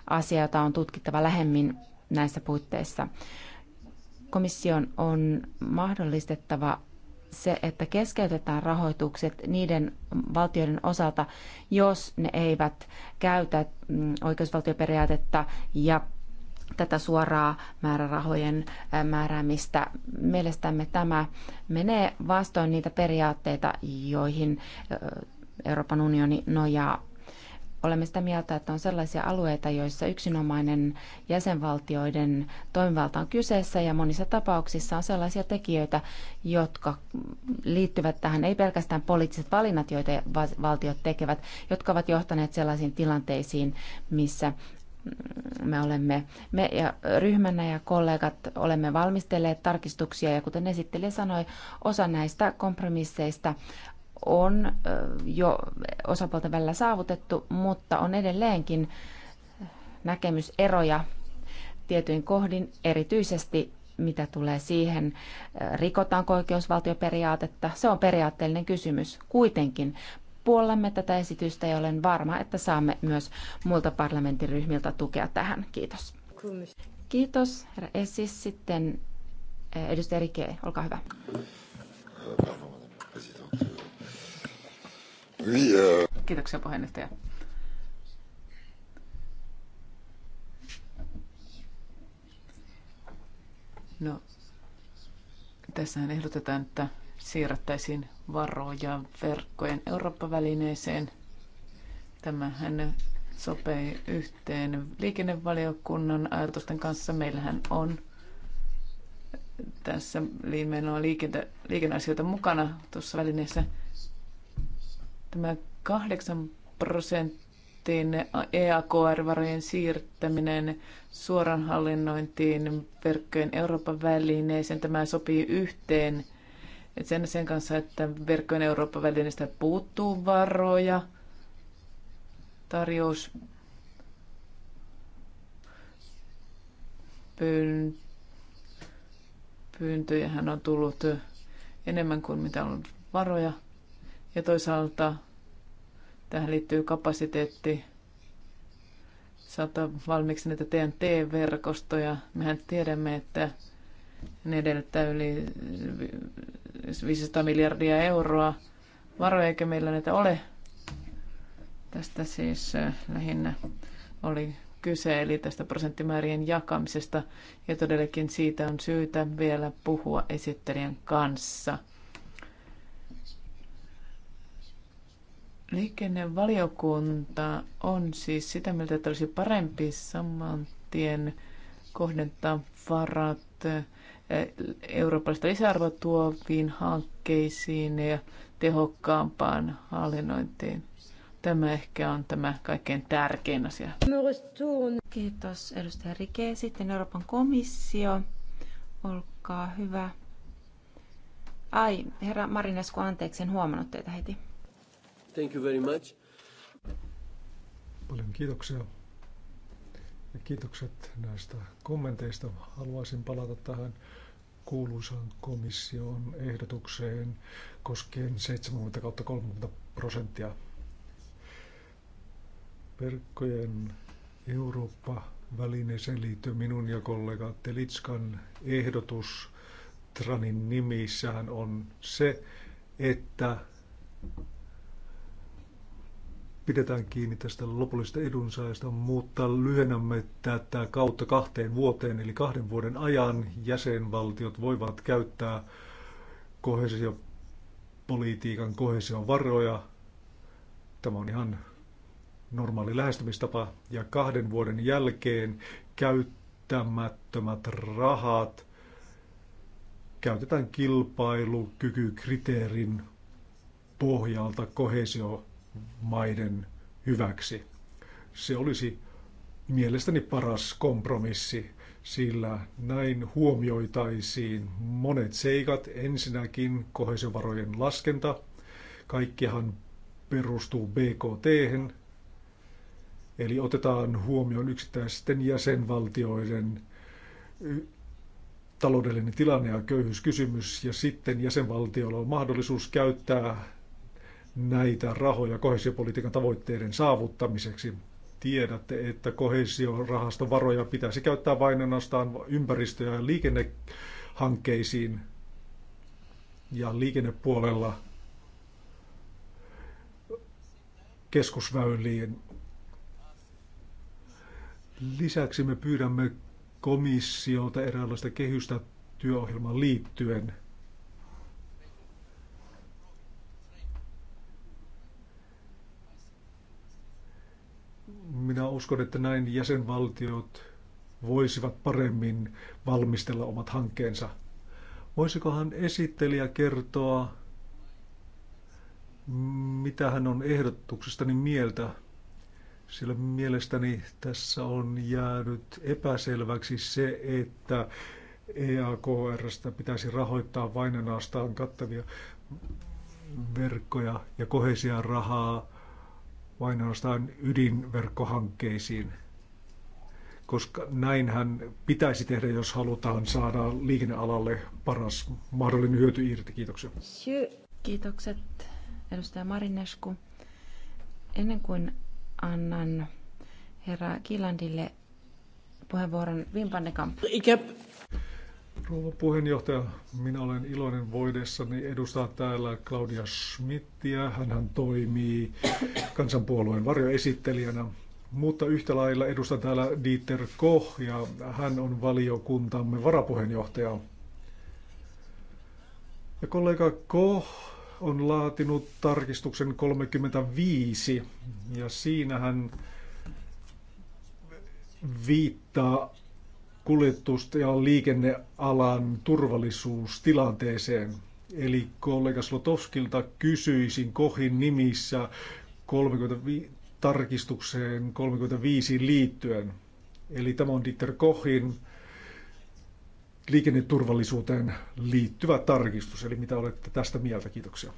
asia, jota on tutkittava lähemmin näissä puitteissa. Komission on mahdollistettava se, että keskeytetään rahoitukset niiden valtioiden osalta, jos ne eivät käytä mm, oikeusvaltioperiaatetta ja tätä suoraa määrärahojen määräämistä. Mielestämme tämä menee vastoin niitä periaatteita, joihin Euroopan unioni nojaa Olemme sitä mieltä, että on sellaisia alueita, joissa yksinomainen jäsenvaltioiden toimivalta on kyseessä ja monissa tapauksissa on sellaisia tekijöitä, jotka liittyvät tähän ei pelkästään poliittiset valinnat, joita valtiot tekevät, jotka ovat johtaneet sellaisiin tilanteisiin, missä me olemme, me ja ryhmänä ja kollegat olemme valmistelleet tarkistuksia ja kuten esittelijä sanoi, osa näistä kompromisseista on jo osapuolten välillä saavutettu, mutta on edelleenkin näkemyseroja tietyin kohdin, erityisesti mitä tulee siihen, rikotaanko oikeusvaltioperiaatetta. Se on periaatteellinen kysymys. Kuitenkin puolellamme tätä esitystä ja olen varma, että saamme myös muilta parlamentin ryhmiltä tukea tähän. Kiitos. Kiitos, herra Esis. Sitten edustaja Rike, olkaa hyvä. Kiitoksia puheenjohtaja. No, tässähän ehdotetaan, että siirrettäisiin varoja verkkojen Eurooppa-välineeseen. Tämähän sopii yhteen liikennevaliokunnan ajatusten kanssa. Meillähän on tässä menoa liikenneasioita mukana tuossa välineessä – Tämä kahdeksan prosentin EAKR-varojen siirtäminen suoran hallinnointiin verkkojen Euroopan välineeseen, tämä sopii yhteen sen, sen kanssa, että verkkojen Euroopan välineestä puuttuu varoja, tarjous pyyntöjähän on tullut enemmän kuin mitä on varoja. Ja toisaalta Tähän liittyy kapasiteetti Saattaa valmiiksi näitä t verkostoja Mehän tiedämme, että ne edellyttää yli 500 miljardia euroa varoja, eikä meillä näitä ole. Tästä siis lähinnä oli kyse, eli tästä prosenttimäärien jakamisesta, ja todellakin siitä on syytä vielä puhua esittelijän kanssa – Liikennevaliokunta on siis sitä mieltä, että olisi parempi saman tien kohdentaa varat eh, eurooppalaista lisäarvoa tuoviin hankkeisiin ja tehokkaampaan hallinnointiin. Tämä ehkä on tämä kaikkein tärkein asia. Kiitos edustaja Rike. Sitten Euroopan komissio. Olkaa hyvä. Ai, herra Marinesku, anteeksi, en huomannut teitä heti. Thank you very much. Paljon kiitoksia. Ja kiitokset näistä kommenteista. Haluaisin palata tähän kuuluisaan komission ehdotukseen koskien 70-30 prosenttia verkkojen Eurooppa-välineeseen liittyy minun ja kollega Telitskan ehdotus Tranin nimissään on se, että pidetään kiinni tästä lopullisesta edunsaajasta, mutta lyhennämme tätä kautta kahteen vuoteen, eli kahden vuoden ajan jäsenvaltiot voivat käyttää kohesiopolitiikan kohesion varoja. Tämä on ihan normaali lähestymistapa. Ja kahden vuoden jälkeen käyttämättömät rahat käytetään kilpailukykykriteerin pohjalta kohesio maiden hyväksi. Se olisi mielestäni paras kompromissi, sillä näin huomioitaisiin monet seikat. Ensinnäkin kohesiovarojen laskenta. Kaikkihan perustuu BKT, hen, eli otetaan huomioon yksittäisten jäsenvaltioiden taloudellinen tilanne ja köyhyyskysymys, ja sitten jäsenvaltioilla on mahdollisuus käyttää näitä rahoja kohesiopolitiikan tavoitteiden saavuttamiseksi. Tiedätte, että kohesiorahaston varoja pitäisi käyttää vain ainoastaan ympäristö- ja liikennehankkeisiin ja liikennepuolella keskusväyliin. Lisäksi me pyydämme komissiolta eräänlaista kehystä työohjelman liittyen – Minä uskon, että näin jäsenvaltiot voisivat paremmin valmistella omat hankkeensa. Voisikohan esittelijä kertoa, mitä hän on ehdotuksestani mieltä? Sillä mielestäni tässä on jäänyt epäselväksi se, että EAKRstä pitäisi rahoittaa vain ainoastaan kattavia verkkoja ja kohesia rahaa vain ainoastaan ydinverkkohankkeisiin, koska näinhän pitäisi tehdä, jos halutaan saada liikennealalle paras mahdollinen hyöty irti. Kiitoksia. Kiitokset, edustaja Marinesku. Ennen kuin annan herra Kilandille puheenvuoron Vimpannekamp. Rouva puheenjohtaja, minä olen iloinen voidessani edustaa täällä Claudia Schmidtiä. Hän toimii kansanpuolueen varjoesittelijänä, mutta yhtä lailla edustan täällä Dieter Koch ja hän on valiokuntamme varapuheenjohtaja. Ja kollega Koch on laatinut tarkistuksen 35 ja siinä hän viittaa kuljetus- ja liikennealan turvallisuustilanteeseen. Eli kollega Slotovskilta kysyisin Kohin nimissä 35, tarkistukseen 35 liittyen. Eli tämä on Dieter Kohin liikenneturvallisuuteen liittyvä tarkistus. Eli mitä olette tästä mieltä? Kiitoksia.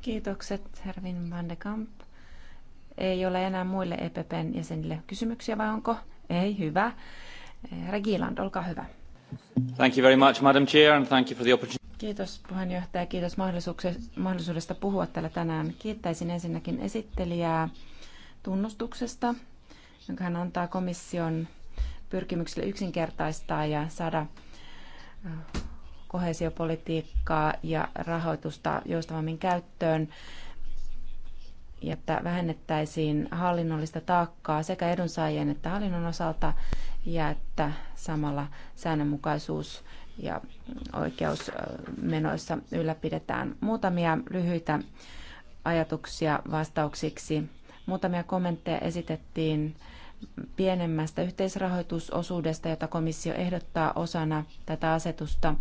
Kiitokset, Hervin van de Kamp. Ei ole enää muille EPPn jäsenille kysymyksiä vai onko? Ei, hyvä. Eh, Regiland, olkaa hyvä. Thank you very much, Madam Chair, and thank you for the opportunity. Kiitos puheenjohtaja, kiitos mahdollisuudesta puhua täällä tänään. Kiittäisin ensinnäkin esittelijää tunnustuksesta, jonka hän antaa komission pyrkimyksille yksinkertaistaa ja saada eh, kohesiopolitiikkaa ja rahoitusta joustavammin käyttöön jotta vähennettäisiin hallinnollista taakkaa sekä edunsaajien että hallinnon osalta ja että samalla säännönmukaisuus ja oikeusmenoissa ylläpidetään. Muutamia lyhyitä ajatuksia vastauksiksi. Muutamia kommentteja esitettiin pienemmästä yhteisrahoitusosuudesta, jota komissio ehdottaa osana tätä asetusta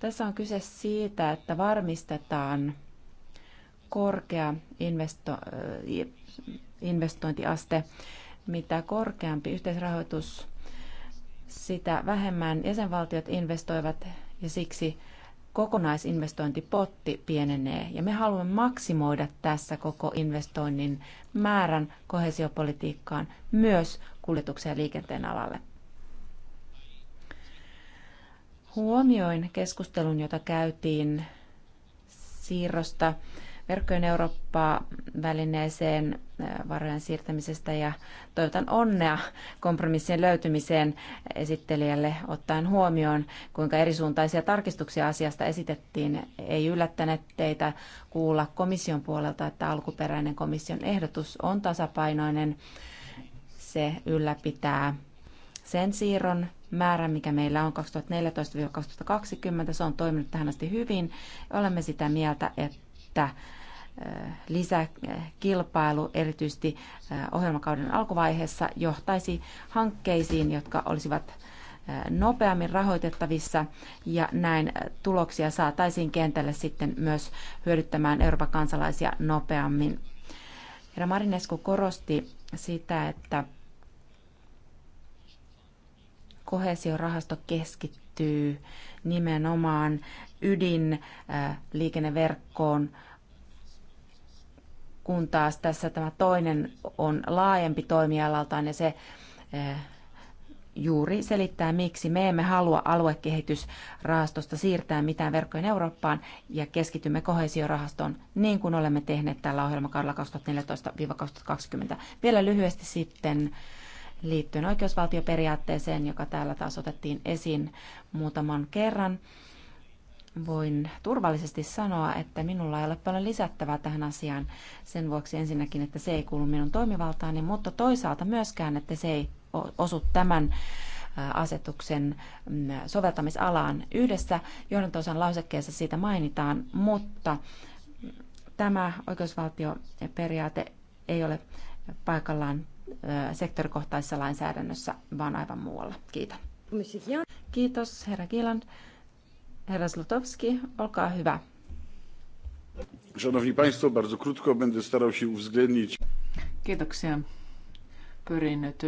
Tässä on kyse siitä, että varmistetaan korkea investo- investointiaste. Mitä korkeampi yhteisrahoitus, sitä vähemmän jäsenvaltiot investoivat ja siksi kokonaisinvestointipotti pienenee. Ja me haluamme maksimoida tässä koko investoinnin määrän kohesiopolitiikkaan myös kuljetuksen ja liikenteen alalle. Huomioin keskustelun, jota käytiin siirrosta verkkojen Eurooppaa välineeseen äh, varojen siirtämisestä ja toivotan onnea kompromissien löytymiseen esittelijälle ottaen huomioon, kuinka erisuuntaisia tarkistuksia asiasta esitettiin. Ei yllättänyt teitä kuulla komission puolelta, että alkuperäinen komission ehdotus on tasapainoinen. Se ylläpitää sen siirron, määrä, mikä meillä on 2014-2020. Se on toiminut tähän asti hyvin. Olemme sitä mieltä, että lisäkilpailu erityisesti ohjelmakauden alkuvaiheessa johtaisi hankkeisiin, jotka olisivat nopeammin rahoitettavissa ja näin tuloksia saataisiin kentälle sitten myös hyödyttämään Euroopan kansalaisia nopeammin. Herra Marinesku korosti sitä, että kohesiorahasto keskittyy nimenomaan ydinliikenneverkkoon, kun taas tässä tämä toinen on laajempi toimialaltaan ja se eh, juuri selittää, miksi me emme halua aluekehitysrahastosta siirtää mitään verkkojen Eurooppaan ja keskitymme kohesiorahastoon niin kuin olemme tehneet tällä ohjelmakaudella 2014-2020. Vielä lyhyesti sitten liittyen oikeusvaltioperiaatteeseen, joka täällä taas otettiin esiin muutaman kerran. Voin turvallisesti sanoa, että minulla ei ole paljon lisättävää tähän asiaan sen vuoksi ensinnäkin, että se ei kuulu minun toimivaltaani, mutta toisaalta myöskään, että se ei osu tämän asetuksen mm, soveltamisalaan. Yhdessä johdantosan lausekkeessa siitä mainitaan, mutta tämä oikeusvaltioperiaate ei ole paikallaan sektorikohtaisessa lainsäädännössä, vaan aivan muualla. Kiitän. Kiitos, herra Kiilan. Herra Zlotowski, olkaa hyvä. Szanowni Państwo, bardzo krótko będę starał się uwzględnić. Kiitoksia. Pyrin nyt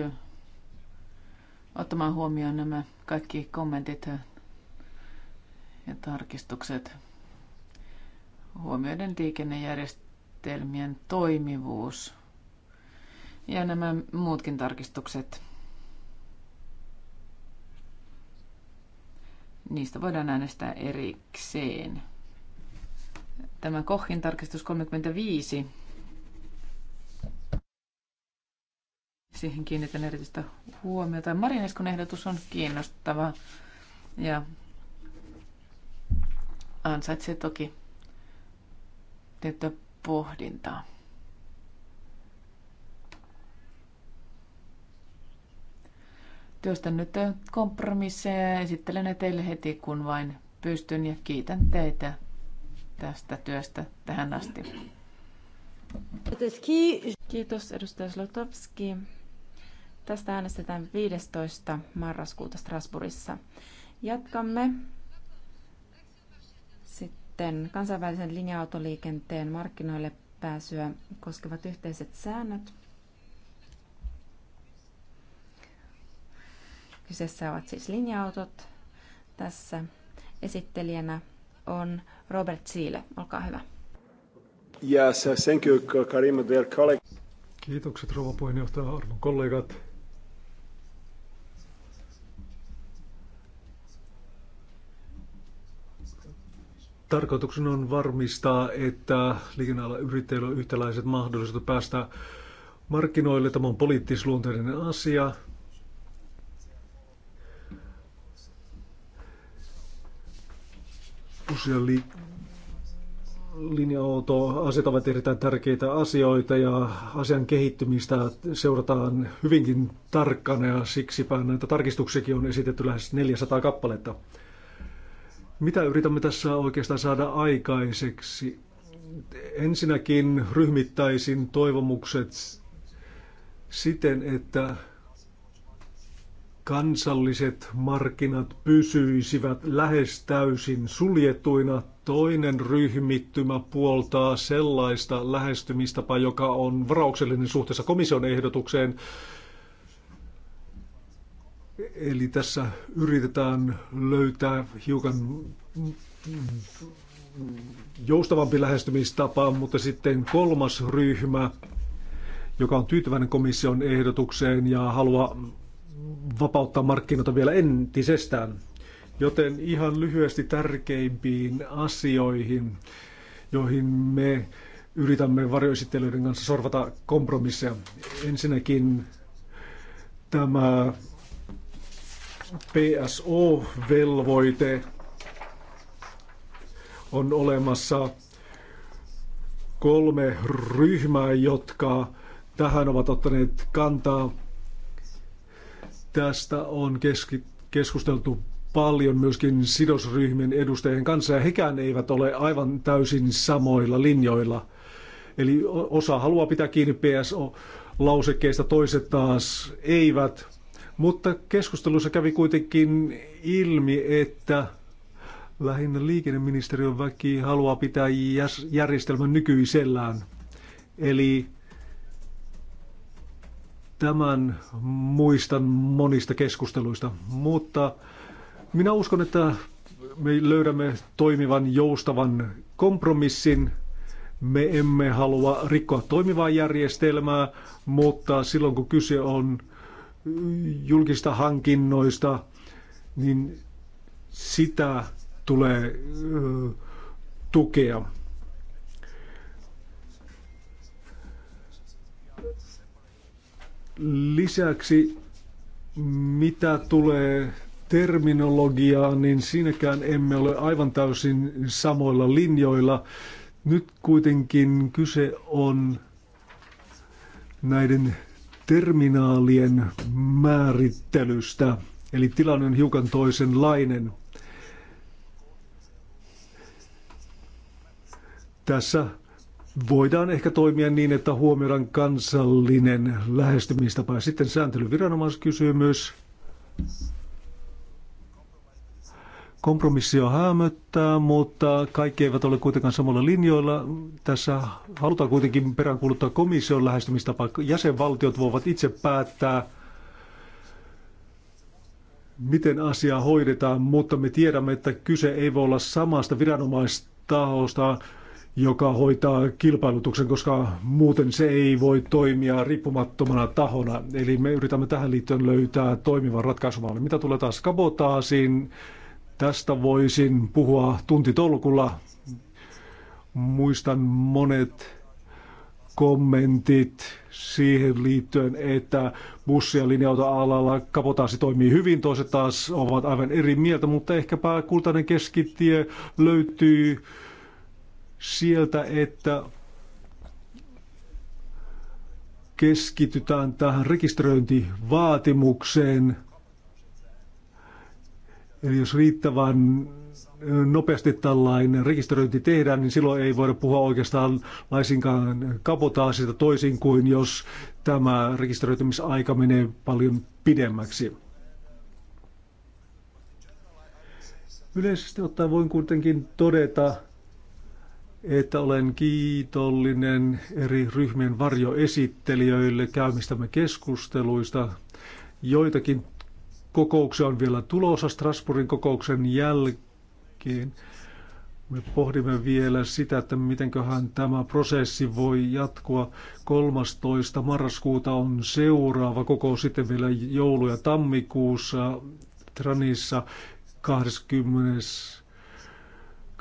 ottamaan huomioon nämä kaikki kommentit ja tarkistukset huomioiden liikennejärjestelmien toimivuus ja nämä muutkin tarkistukset. Niistä voidaan äänestää erikseen. Tämä Kohin tarkistus 35. Siihen kiinnitän erityistä huomiota. Marineskun ehdotus on kiinnostava ja ansaitsee toki tiettyä pohdintaa. Työstän nyt kompromisseja ja esittelen ne teille heti, kun vain pystyn ja kiitän teitä tästä työstä tähän asti. Kiitos edustaja Slotowski. Tästä äänestetään 15. marraskuuta Strasbourgissa. Jatkamme sitten kansainvälisen linja-autoliikenteen markkinoille pääsyä koskevat yhteiset säännöt. Kyseessä ovat siis linja-autot. Tässä esittelijänä on Robert Siile. Olkaa hyvä. Yes, thank you, Karim, dear colleague. Kiitokset rouva puheenjohtaja, arvon kollegat. Tarkoituksena on varmistaa, että liikennealan yrittäjillä on yhtäläiset mahdollisuudet päästä markkinoille. Tämä on poliittisluonteinen asia. li- linja asiat ovat erittäin tärkeitä asioita ja asian kehittymistä seurataan hyvinkin tarkkana ja siksipä näitä tarkistuksiakin on esitetty lähes 400 kappaletta. Mitä yritämme tässä oikeastaan saada aikaiseksi? Ensinnäkin ryhmittäisin toivomukset siten, että kansalliset markkinat pysyisivät lähes täysin suljettuina. Toinen ryhmittymä puoltaa sellaista lähestymistapaa, joka on varauksellinen suhteessa komission ehdotukseen. Eli tässä yritetään löytää hiukan joustavampi lähestymistapa, mutta sitten kolmas ryhmä, joka on tyytyväinen komission ehdotukseen ja haluaa vapauttaa markkinoita vielä entisestään. Joten ihan lyhyesti tärkeimpiin asioihin, joihin me yritämme varjoesittelyiden kanssa sorvata kompromisseja. Ensinnäkin tämä PSO-velvoite on olemassa kolme ryhmää, jotka tähän ovat ottaneet kantaa. Tästä on keski, keskusteltu paljon myöskin sidosryhmien edustajien kanssa ja hekään eivät ole aivan täysin samoilla linjoilla. Eli osa haluaa pitää kiinni PSO-lausekkeista, toiset taas eivät. Mutta keskustelussa kävi kuitenkin ilmi, että lähinnä liikenneministeriön väki haluaa pitää järjestelmän nykyisellään. Eli Tämän muistan monista keskusteluista, mutta minä uskon, että me löydämme toimivan, joustavan kompromissin. Me emme halua rikkoa toimivaa järjestelmää, mutta silloin kun kyse on julkista hankinnoista, niin sitä tulee tukea. Lisäksi mitä tulee terminologiaan, niin siinäkään emme ole aivan täysin samoilla linjoilla. Nyt kuitenkin kyse on näiden terminaalien määrittelystä, eli tilanne on hiukan toisenlainen. Tässä voidaan ehkä toimia niin, että huomioidaan kansallinen lähestymistapa. Sitten sääntelyviranomaiskysymys. Kompromissio hämöttää, mutta kaikki eivät ole kuitenkaan samalla linjoilla. Tässä halutaan kuitenkin peräänkuuluttaa komission lähestymistapa. Jäsenvaltiot voivat itse päättää, miten asia hoidetaan, mutta me tiedämme, että kyse ei voi olla samasta viranomaistahosta joka hoitaa kilpailutuksen, koska muuten se ei voi toimia riippumattomana tahona. Eli me yritämme tähän liittyen löytää toimivan ratkaisumaan. Mitä tulee taas kabotaasiin, tästä voisin puhua tuntitolkulla. Muistan monet kommentit siihen liittyen, että bussi- ja linja alalla kapotaasi toimii hyvin, toiset taas ovat aivan eri mieltä, mutta ehkäpä kultainen keskitie löytyy sieltä, että keskitytään tähän rekisteröintivaatimukseen. Eli jos riittävän nopeasti tällainen rekisteröinti tehdään, niin silloin ei voida puhua oikeastaan laisinkaan kapotaasista toisin kuin jos tämä rekisteröitymisaika menee paljon pidemmäksi. Yleisesti ottaen voin kuitenkin todeta, että olen kiitollinen eri ryhmien varjoesittelijöille käymistämme keskusteluista. Joitakin kokouksia on vielä tulossa Strasbourgin kokouksen jälkeen. Me pohdimme vielä sitä, että mitenköhän tämä prosessi voi jatkua. 13. marraskuuta on seuraava kokous, sitten vielä joulu- ja tammikuussa Tranissa 20.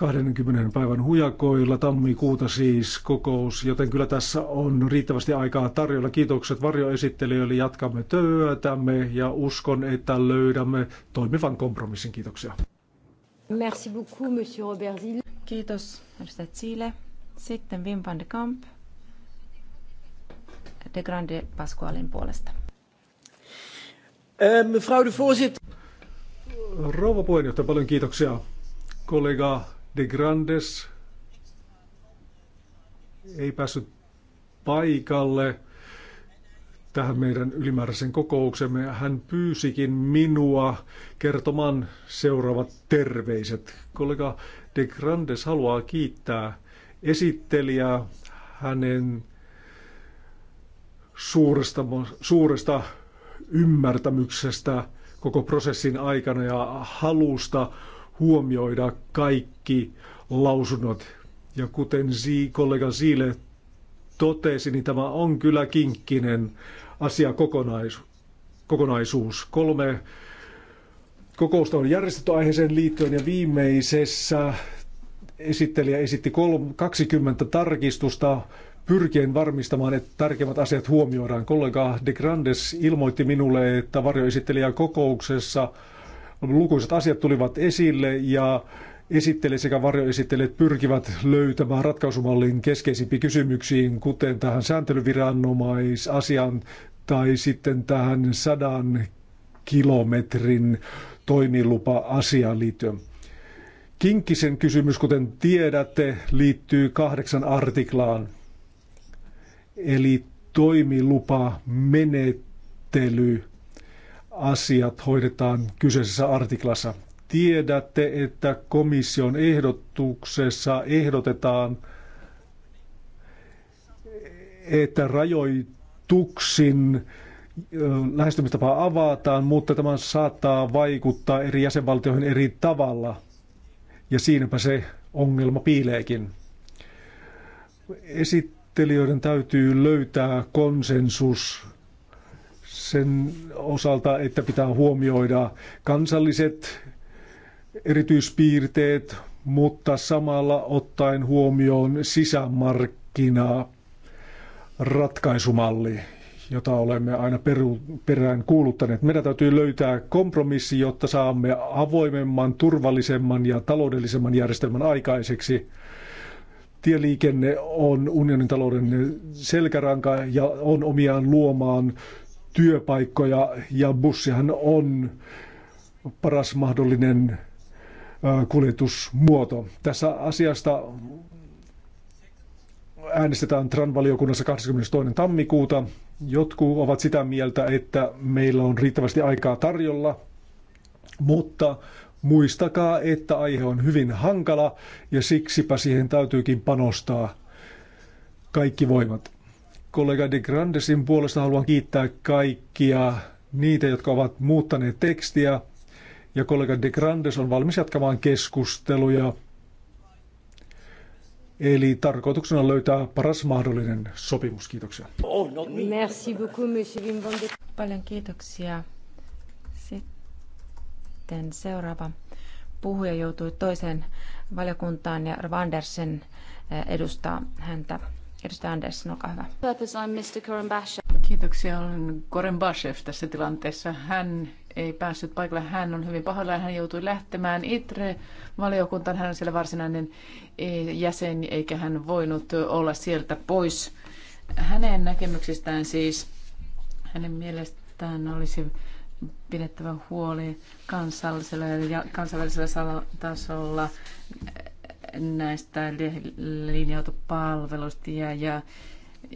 20 päivän hujakoilla, tammikuuta siis kokous, joten kyllä tässä on riittävästi aikaa tarjolla. Kiitokset varjoesittelijöille, jatkamme työtämme ja uskon, että löydämme toimivan kompromissin. Kiitoksia. Merci beaucoup, monsieur Robert Zille. Kiitos, edustaja Zille. Sitten Wim van de Kamp, de Grande Pasqualin puolesta. Eh, mevrouw de voorzitter. Rouva puheenjohtaja, paljon kiitoksia kollega De Grandes ei päässyt paikalle tähän meidän ylimääräisen kokouksemme. Hän pyysikin minua kertomaan seuraavat terveiset. Kollega De Grandes haluaa kiittää esittelijää hänen suuresta, suuresta ymmärtämyksestä koko prosessin aikana ja halusta huomioida kaikki kaikki lausunnot. Ja kuten kollega Siile totesi, niin tämä on kyllä kinkkinen asia kokonaisuus Kolme kokousta on järjestetty aiheeseen liittyen ja viimeisessä esittelijä esitti 20 tarkistusta pyrkien varmistamaan, että tärkeimmät asiat huomioidaan. Kollega De Grandes ilmoitti minulle, että varjoesittelijän kokouksessa lukuisat asiat tulivat esille ja esittelijä sekä varjoesittelijät pyrkivät löytämään ratkaisumallin keskeisimpiin kysymyksiin, kuten tähän sääntelyviranomaisasiaan tai sitten tähän sadan kilometrin toimilupa-asiaan liittyen. Kinkkisen kysymys, kuten tiedätte, liittyy kahdeksan artiklaan. Eli toimilupa, menettely, asiat hoidetaan kyseisessä artiklassa tiedätte, että komission ehdotuksessa ehdotetaan, että rajoituksin lähestymistapa avataan, mutta tämä saattaa vaikuttaa eri jäsenvaltioihin eri tavalla. Ja siinäpä se ongelma piileekin. Esittelijöiden täytyy löytää konsensus sen osalta, että pitää huomioida kansalliset erityispiirteet, mutta samalla ottaen huomioon sisämarkkina ratkaisumalli, jota olemme aina peru, perään kuuluttaneet. Meidän täytyy löytää kompromissi, jotta saamme avoimemman, turvallisemman ja taloudellisemman järjestelmän aikaiseksi. Tieliikenne on unionin talouden selkäranka ja on omiaan luomaan työpaikkoja ja bussihan on paras mahdollinen Äh, kuljetusmuoto. Tässä asiasta äänestetään TRAN-valiokunnassa 22. tammikuuta. Jotkut ovat sitä mieltä, että meillä on riittävästi aikaa tarjolla, mutta muistakaa, että aihe on hyvin hankala ja siksipä siihen täytyykin panostaa kaikki voimat. Kollega de Grandesin puolesta haluan kiittää kaikkia niitä, jotka ovat muuttaneet tekstiä ja kollega De Grandes on valmis jatkamaan keskusteluja. Eli tarkoituksena on löytää paras mahdollinen sopimus. Kiitoksia. Oh, no. Merci beaucoup, monsieur Paljon kiitoksia. Sitten seuraava puhuja joutui toiseen valiokuntaan ja Andersen eh, edustaa häntä. Edustaja Andersen, olkaa hyvä. Kiitoksia, olen Koren Bashev tässä tilanteessa. Hän ei päässyt paikalle. Hän on hyvin ja hän joutui lähtemään ITRE-valiokuntaan. Hän on siellä varsinainen e, jäsen, eikä hän voinut olla sieltä pois. Hänen näkemyksistään siis, hänen mielestään olisi pidettävä huoli kansallisella ja kansainvälisellä tasolla näistä linja-autopalveluista ja, ja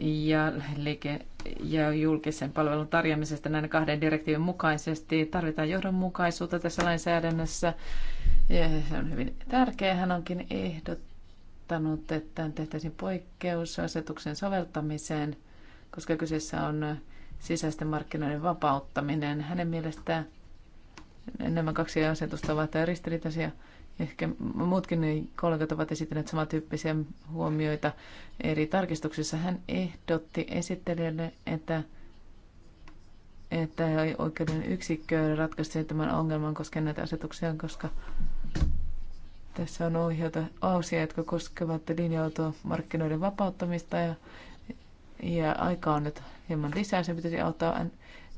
ja, liike- ja julkisen palvelun tarjoamisesta näiden kahden direktiivin mukaisesti. Tarvitaan johdonmukaisuutta tässä lainsäädännössä. Ja se on hyvin tärkeää. Hän onkin ehdottanut, että tehtäisiin poikkeus asetuksen soveltamiseen, koska kyseessä on sisäisten markkinoiden vapauttaminen. Hänen mielestään nämä kaksi asetusta ovat ristiriitaisia Ehkä muutkin kollegat ovat esittäneet samantyyppisiä huomioita eri tarkistuksissa. Hän ehdotti esittelijälle, että että oikeuden yksikkö ratkaisi tämän ongelman koskien näitä asetuksia, koska tässä on ohjeita ausia, jotka koskevat linja markkinoiden vapauttamista ja, ja aikaa on nyt hieman lisää. Se pitäisi auttaa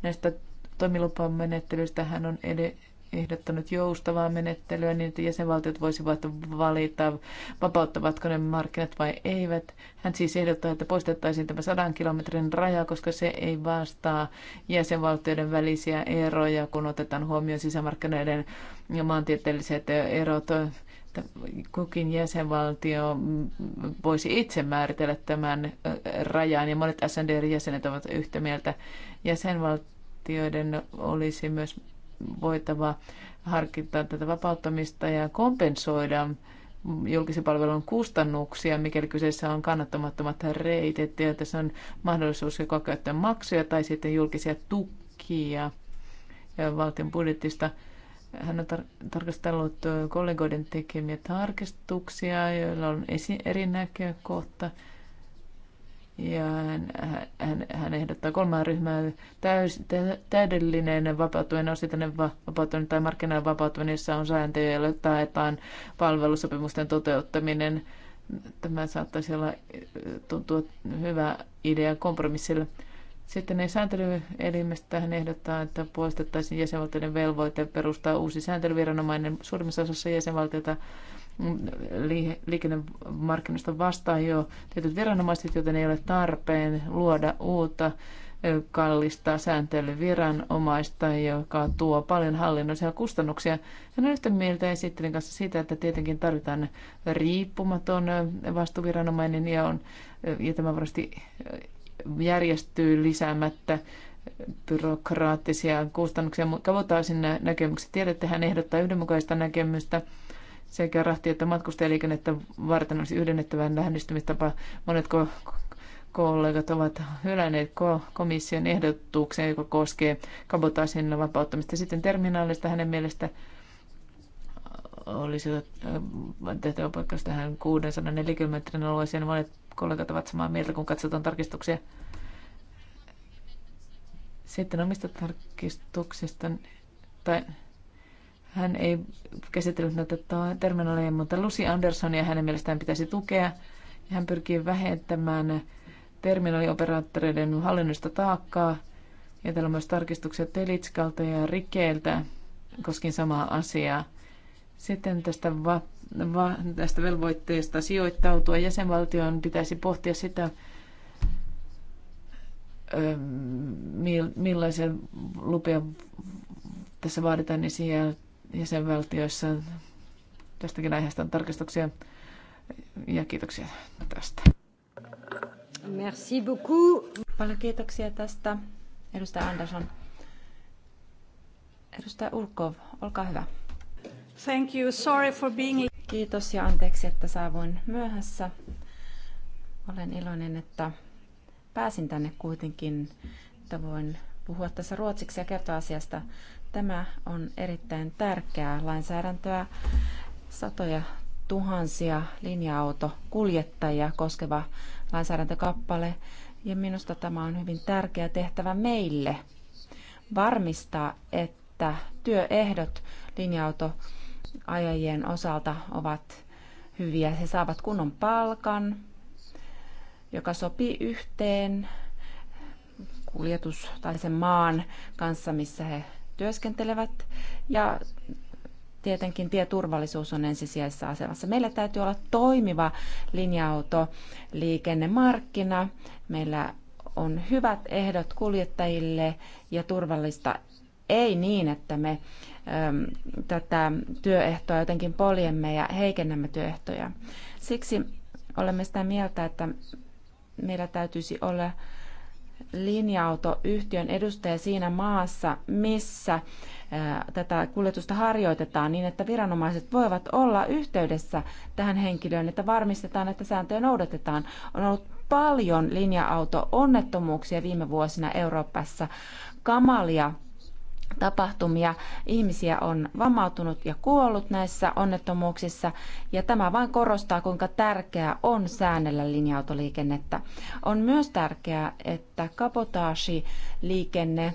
näistä toimilupamenettelyistä. Hän on ehdottanut joustavaa menettelyä niin, että jäsenvaltiot voisivat valita, vapauttavatko ne markkinat vai eivät. Hän siis ehdottaa, että poistettaisiin tämä 100 kilometrin raja, koska se ei vastaa jäsenvaltioiden välisiä eroja, kun otetaan huomioon sisämarkkinoiden ja maantieteelliset erot. Kukin jäsenvaltio voisi itse määritellä tämän rajan, ja monet SNDR-jäsenet ovat yhtä mieltä. Jäsenvaltioiden olisi myös voitava harkita tätä vapauttamista ja kompensoida julkisen palvelun kustannuksia, mikäli kyseessä on kannattamattomat reitit. Ja tässä on mahdollisuus joko käyttää maksuja tai sitten julkisia tukia ja valtion budjetista. Hän on tar- tarkastellut kollegoiden tekemiä tarkistuksia, joilla on esi- eri näkökohta ja hän, hän, hän ehdottaa kolmaa ryhmää täys, tä, täydellinen vapautuminen, osittainen va, vapautuminen tai markkinoiden vapautuminen, jossa on sääntöjä, joilla taetaan palvelusopimusten toteuttaminen. Tämä saattaisi olla tuntua hyvä idea kompromissille. Sitten ne sääntelyelimestä hän ehdottaa, että poistettaisiin jäsenvaltioiden velvoite perustaa uusi sääntelyviranomainen. Suurimmassa osassa jäsenvaltiota liikennemarkkinoista vastaan jo tietyt viranomaiset, joten ei ole tarpeen luoda uutta kallista sääntelyviranomaista, joka tuo paljon hallinnollisia kustannuksia. Hän on yhtä mieltä esittelen kanssa sitä, että tietenkin tarvitaan riippumaton vastuviranomainen ja, on, ja tämä varmasti järjestyy lisäämättä byrokraattisia kustannuksia. Kavotaan sinne näkemykset. Tiedättehän ehdottaa yhdenmukaista näkemystä sekä rahti- että matkustajaliikennettä varten olisi yhdennettävän lähestymistapa. Monet ko- kollegat ovat hylänneet komission ehdotuksen, joka koskee kabotaasin vapauttamista. Sitten terminaalista hänen mielestä olisi tehtävä poikkeus tähän 640 alueeseen. Monet kollegat ovat samaa mieltä, kun katsotaan tarkistuksia. Sitten omista tarkistuksista, tai hän ei käsitellyt näitä terminaaleja, mutta Lucy Andersonia hänen mielestään pitäisi tukea. Hän pyrkii vähentämään terminaalioperaattoreiden hallinnollista taakkaa. Ja täällä on myös tarkistuksia Telitskalta ja Rikeeltä koskien samaa asiaa. Sitten tästä, va, va, tästä velvoitteesta sijoittautua jäsenvaltioon pitäisi pohtia sitä, öö, millaisia lupia tässä vaaditaan, niin siellä jäsenvaltioissa. Tästäkin aiheesta on tarkistuksia ja kiitoksia tästä. Merci beaucoup. Paljon kiitoksia tästä, edustaja Andersson. Edustaja Ulkov, olkaa hyvä. Thank you. Sorry for being... Kiitos ja anteeksi, että saavuin myöhässä. Olen iloinen, että pääsin tänne kuitenkin, että voin puhua tässä ruotsiksi ja kertoa asiasta. Tämä on erittäin tärkeää lainsäädäntöä. Satoja tuhansia linja-autokuljettajia koskeva lainsäädäntökappale. Ja minusta tämä on hyvin tärkeä tehtävä meille varmistaa, että työehdot linja-autoajajien osalta ovat hyviä. He saavat kunnon palkan, joka sopii yhteen kuljetus tai sen maan kanssa, missä he työskentelevät ja tietenkin tieturvallisuus on ensisijaisessa asemassa. Meillä täytyy olla toimiva linja autoliikennemarkkina liikennemarkkina. Meillä on hyvät ehdot kuljettajille ja turvallista ei niin, että me äm, tätä työehtoa jotenkin poljemme ja heikennämme työehtoja. Siksi olemme sitä mieltä, että meillä täytyisi olla linja-autoyhtiön edustaja siinä maassa, missä tätä kuljetusta harjoitetaan niin, että viranomaiset voivat olla yhteydessä tähän henkilöön, että varmistetaan, että sääntöjä noudatetaan. On ollut paljon linja-auto-onnettomuuksia viime vuosina Euroopassa, kamalia tapahtumia. Ihmisiä on vammautunut ja kuollut näissä onnettomuuksissa ja tämä vain korostaa, kuinka tärkeää on säännellä linja-autoliikennettä. On myös tärkeää, että kapotaasiliikenne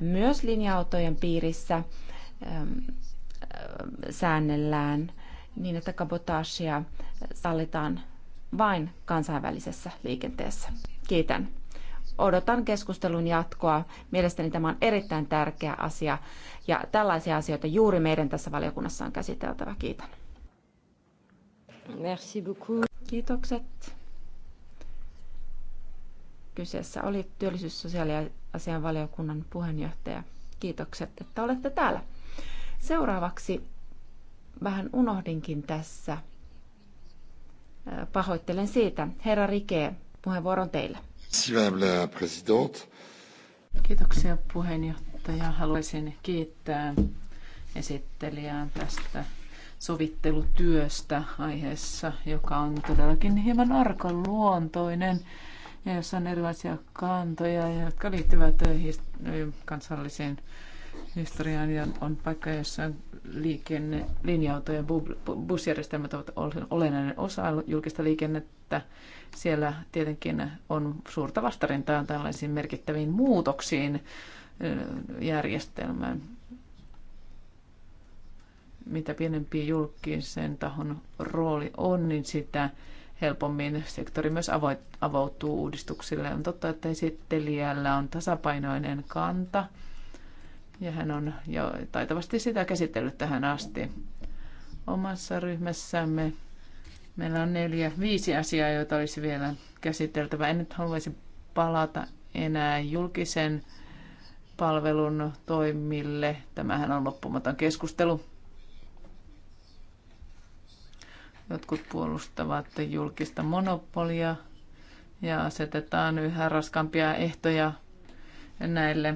myös linja-autojen piirissä ähm, säännellään niin, että kabotaasia sallitaan vain kansainvälisessä liikenteessä. Kiitän odotan keskustelun jatkoa. Mielestäni tämä on erittäin tärkeä asia ja tällaisia asioita juuri meidän tässä valiokunnassa on käsiteltävä. Kiitän. Merci beaucoup. Kiitokset. Kyseessä oli työllisyys- ja asianvaliokunnan puheenjohtaja. Kiitokset, että olette täällä. Seuraavaksi vähän unohdinkin tässä. Pahoittelen siitä. Herra Rike, puheenvuoron teille. Kiitoksia puheenjohtaja. Haluaisin kiittää esittelijää tästä sovittelutyöstä aiheessa, joka on todellakin hieman arkaluontoinen ja jossa on erilaisia kantoja, jotka liittyvät kansallisiin historiaan ja on paikka, jossa liikenne, linja-auto ja busjärjestelmät ovat olennainen osa julkista liikennettä. Siellä tietenkin on suurta vastarintaa tällaisiin merkittäviin muutoksiin järjestelmään. Mitä pienempi julkisen tahon rooli on, niin sitä helpommin sektori myös avautuu uudistuksille. On totta, että esittelijällä on tasapainoinen kanta – ja hän on jo taitavasti sitä käsitellyt tähän asti. Omassa ryhmässämme meillä on neljä, viisi asiaa, joita olisi vielä käsiteltävä. En nyt haluaisi palata enää julkisen palvelun toimille. Tämähän on loppumaton keskustelu. Jotkut puolustavat julkista monopolia ja asetetaan yhä raskaampia ehtoja näille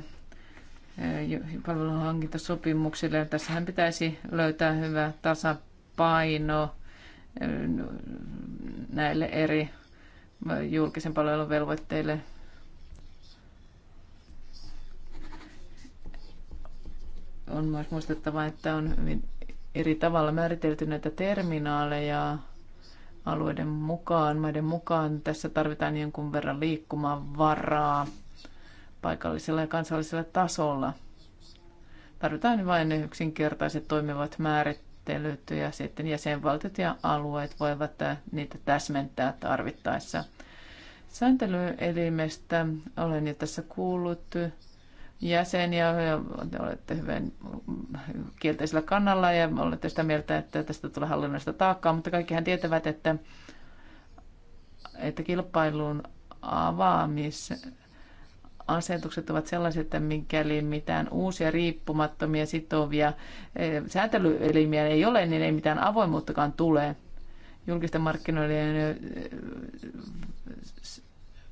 Eh, palveluhankintasopimuksille. Tässähän pitäisi löytää hyvä tasapaino eh, näille eri eh, julkisen palvelun velvoitteille. On myös muistettava, että on hyvin eri tavalla määritelty näitä terminaaleja alueiden mukaan, maiden mukaan. Tässä tarvitaan jonkun verran liikkumavaraa. varaa paikallisella ja kansallisella tasolla. Tarvitaan vain yksinkertaiset toimivat määrittelyt ja sitten jäsenvaltiot ja alueet voivat niitä täsmentää tarvittaessa. Sääntelyelimestä olen jo tässä kuullut jäseniä, olette hyvin kielteisellä kannalla ja olette sitä mieltä, että tästä tulee hallinnollista taakkaa, mutta kaikkihan tietävät, että, että kilpailun avaamis asetukset ovat sellaiset, että mikäli mitään uusia riippumattomia sitovia eh, säätelyelimiä ei ole, niin ei mitään avoimuuttakaan tule. Julkisten markkinoiden eh,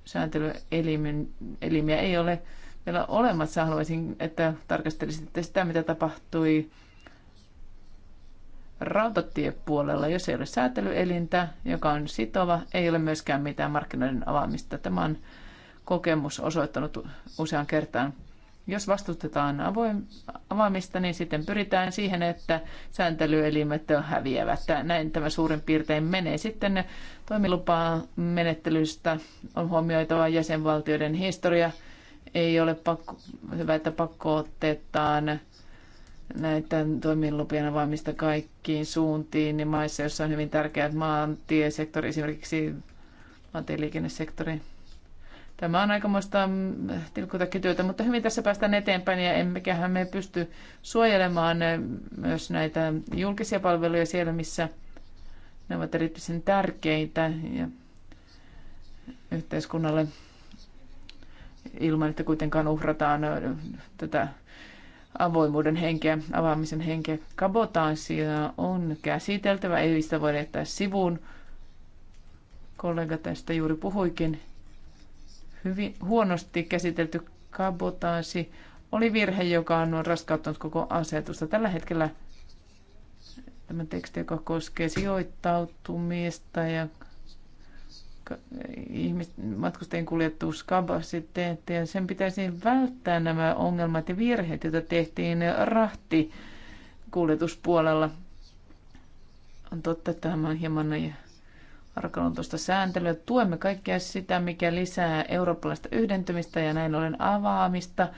sääntelyelimiä ei ole vielä olemassa. Haluaisin, että tarkastelisitte sitä, mitä tapahtui rautatiepuolella, jos ei ole säätelyelintä, joka on sitova, ei ole myöskään mitään markkinoiden avaamista. Tämä on kokemus osoittanut usean kertaan. Jos vastustetaan avoim, avaamista, niin sitten pyritään siihen, että sääntelyelimet häviävät. Näin tämä suurin piirtein menee. Sitten toimilupaa menettelystä on huomioitava jäsenvaltioiden historia. Ei ole pakko, hyvä, että pakko otetaan näitä toimilupien avaamista kaikkiin suuntiin, niin maissa, joissa on hyvin tärkeät maantiesektori, esimerkiksi maantieliikennesektori. Tämä on aikamoista mm, työtä, mutta hyvin tässä päästään eteenpäin ja emmeköhän me pysty suojelemaan eh, myös näitä julkisia palveluja siellä, missä ne ovat erityisen tärkeitä ja yhteiskunnalle ilman, että kuitenkaan uhrataan eh, tätä avoimuuden henkeä, avaamisen henkeä. Kabotaasia on käsiteltävä, ei sitä voi jättää sivuun. Kollega tästä juuri puhuikin hyvin huonosti käsitelty kabotaasi oli virhe, joka on raskauttanut koko asetusta. Tällä hetkellä tämä teksti, joka koskee sijoittautumista ja matkustajien kuljetuskapasiteettia. Sen pitäisi välttää nämä ongelmat ja virheet, joita tehtiin rahti kuljetuspuolella. On totta, että tämä on hieman arkaluontoista sääntelyä. Tuemme kaikkea sitä, mikä lisää eurooppalaista yhdentymistä ja näin ollen avaamista,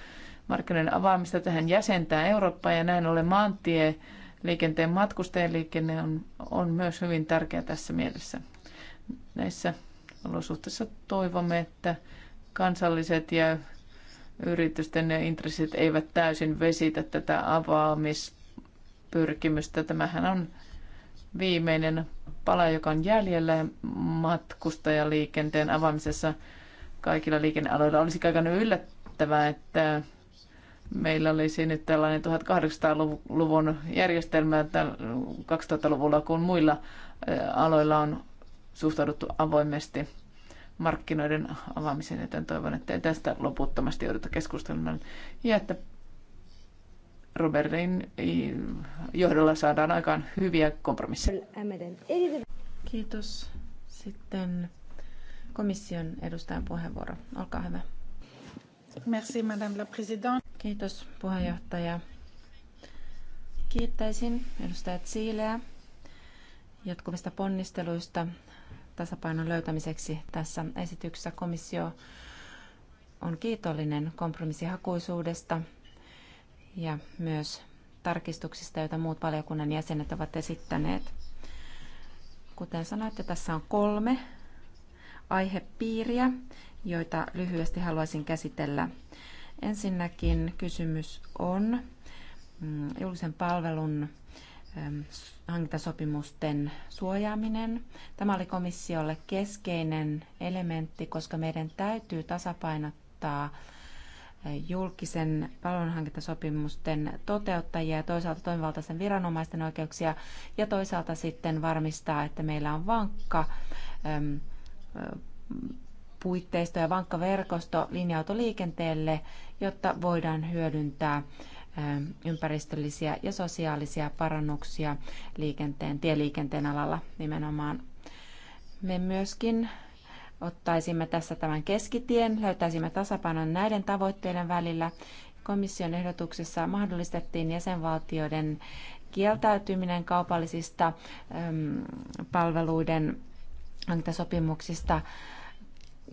markkinoiden avaamista tähän jäsentää Eurooppaa ja näin ollen maantie liikenteen liikenne on, on myös hyvin tärkeä tässä mielessä. Näissä olosuhteissa toivomme, että kansalliset ja yritysten ja intressit eivät täysin vesitä tätä avaamispyrkimystä. Tämähän on viimeinen pala, joka on jäljellä matkustajaliikenteen avaamisessa kaikilla liikennealoilla. Olisi kaiken yllättävää, että meillä olisi nyt tällainen 1800-luvun järjestelmä 2000-luvulla, kun muilla aloilla on suhtauduttu avoimesti markkinoiden avaamiseen, joten toivon, että ei tästä loputtomasti jouduta keskustelemaan. Ja että Robertin johdolla saadaan aikaan hyviä kompromisseja. Kiitos. Sitten komission edustajan puheenvuoro. Olkaa hyvä. Merci, Madame la Présidente. Kiitos puheenjohtaja. Kiittäisin edustaja Siileä jatkuvista ponnisteluista tasapainon löytämiseksi tässä esityksessä. Komissio on kiitollinen kompromissihakuisuudesta ja myös tarkistuksista, joita muut valiokunnan jäsenet ovat esittäneet. Kuten sanoitte, tässä on kolme aihepiiriä, joita lyhyesti haluaisin käsitellä. Ensinnäkin kysymys on mm, julkisen palvelun mm, hankintasopimusten suojaaminen. Tämä oli komissiolle keskeinen elementti, koska meidän täytyy tasapainottaa julkisen palvelunhankintasopimusten toteuttajia ja toisaalta toimivaltaisen viranomaisten oikeuksia ja toisaalta sitten varmistaa, että meillä on vankka äm, puitteisto ja vankka verkosto linja-autoliikenteelle, jotta voidaan hyödyntää ympäristöllisiä ja sosiaalisia parannuksia liikenteen, tieliikenteen alalla nimenomaan. Me myöskin ottaisimme tässä tämän keskitien, löytäisimme tasapainon näiden tavoitteiden välillä. Komission ehdotuksessa mahdollistettiin jäsenvaltioiden kieltäytyminen kaupallisista palveluiden sopimuksista.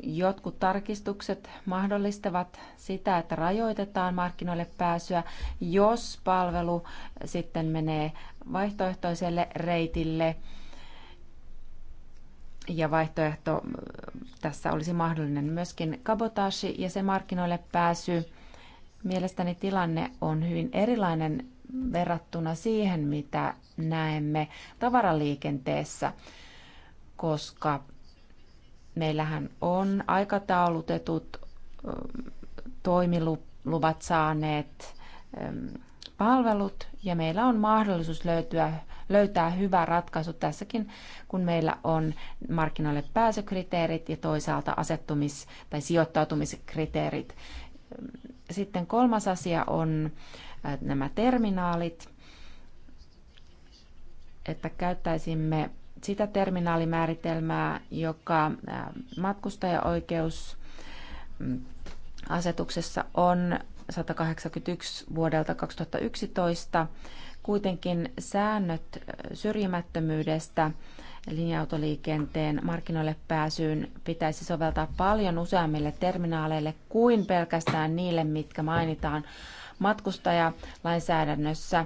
Jotkut tarkistukset mahdollistavat sitä, että rajoitetaan markkinoille pääsyä, jos palvelu sitten menee vaihtoehtoiselle reitille – ja vaihtoehto tässä olisi mahdollinen. Myöskin kabotaasi ja se markkinoille pääsy. Mielestäni tilanne on hyvin erilainen verrattuna siihen, mitä näemme tavaraliikenteessä, koska meillähän on aikataulutetut toimiluvat saaneet palvelut ja meillä on mahdollisuus löytyä, löytää hyvä ratkaisu tässäkin, kun meillä on markkinoille pääsykriteerit ja toisaalta asettumis- tai sijoittautumiskriteerit. Sitten kolmas asia on äh, nämä terminaalit, että käyttäisimme sitä terminaalimääritelmää, joka äh, matkustajaoikeus mm, asetuksessa on 181 vuodelta 2011. Kuitenkin säännöt syrjimättömyydestä linja-autoliikenteen markkinoille pääsyyn pitäisi soveltaa paljon useammille terminaaleille kuin pelkästään niille, mitkä mainitaan matkustajalainsäädännössä,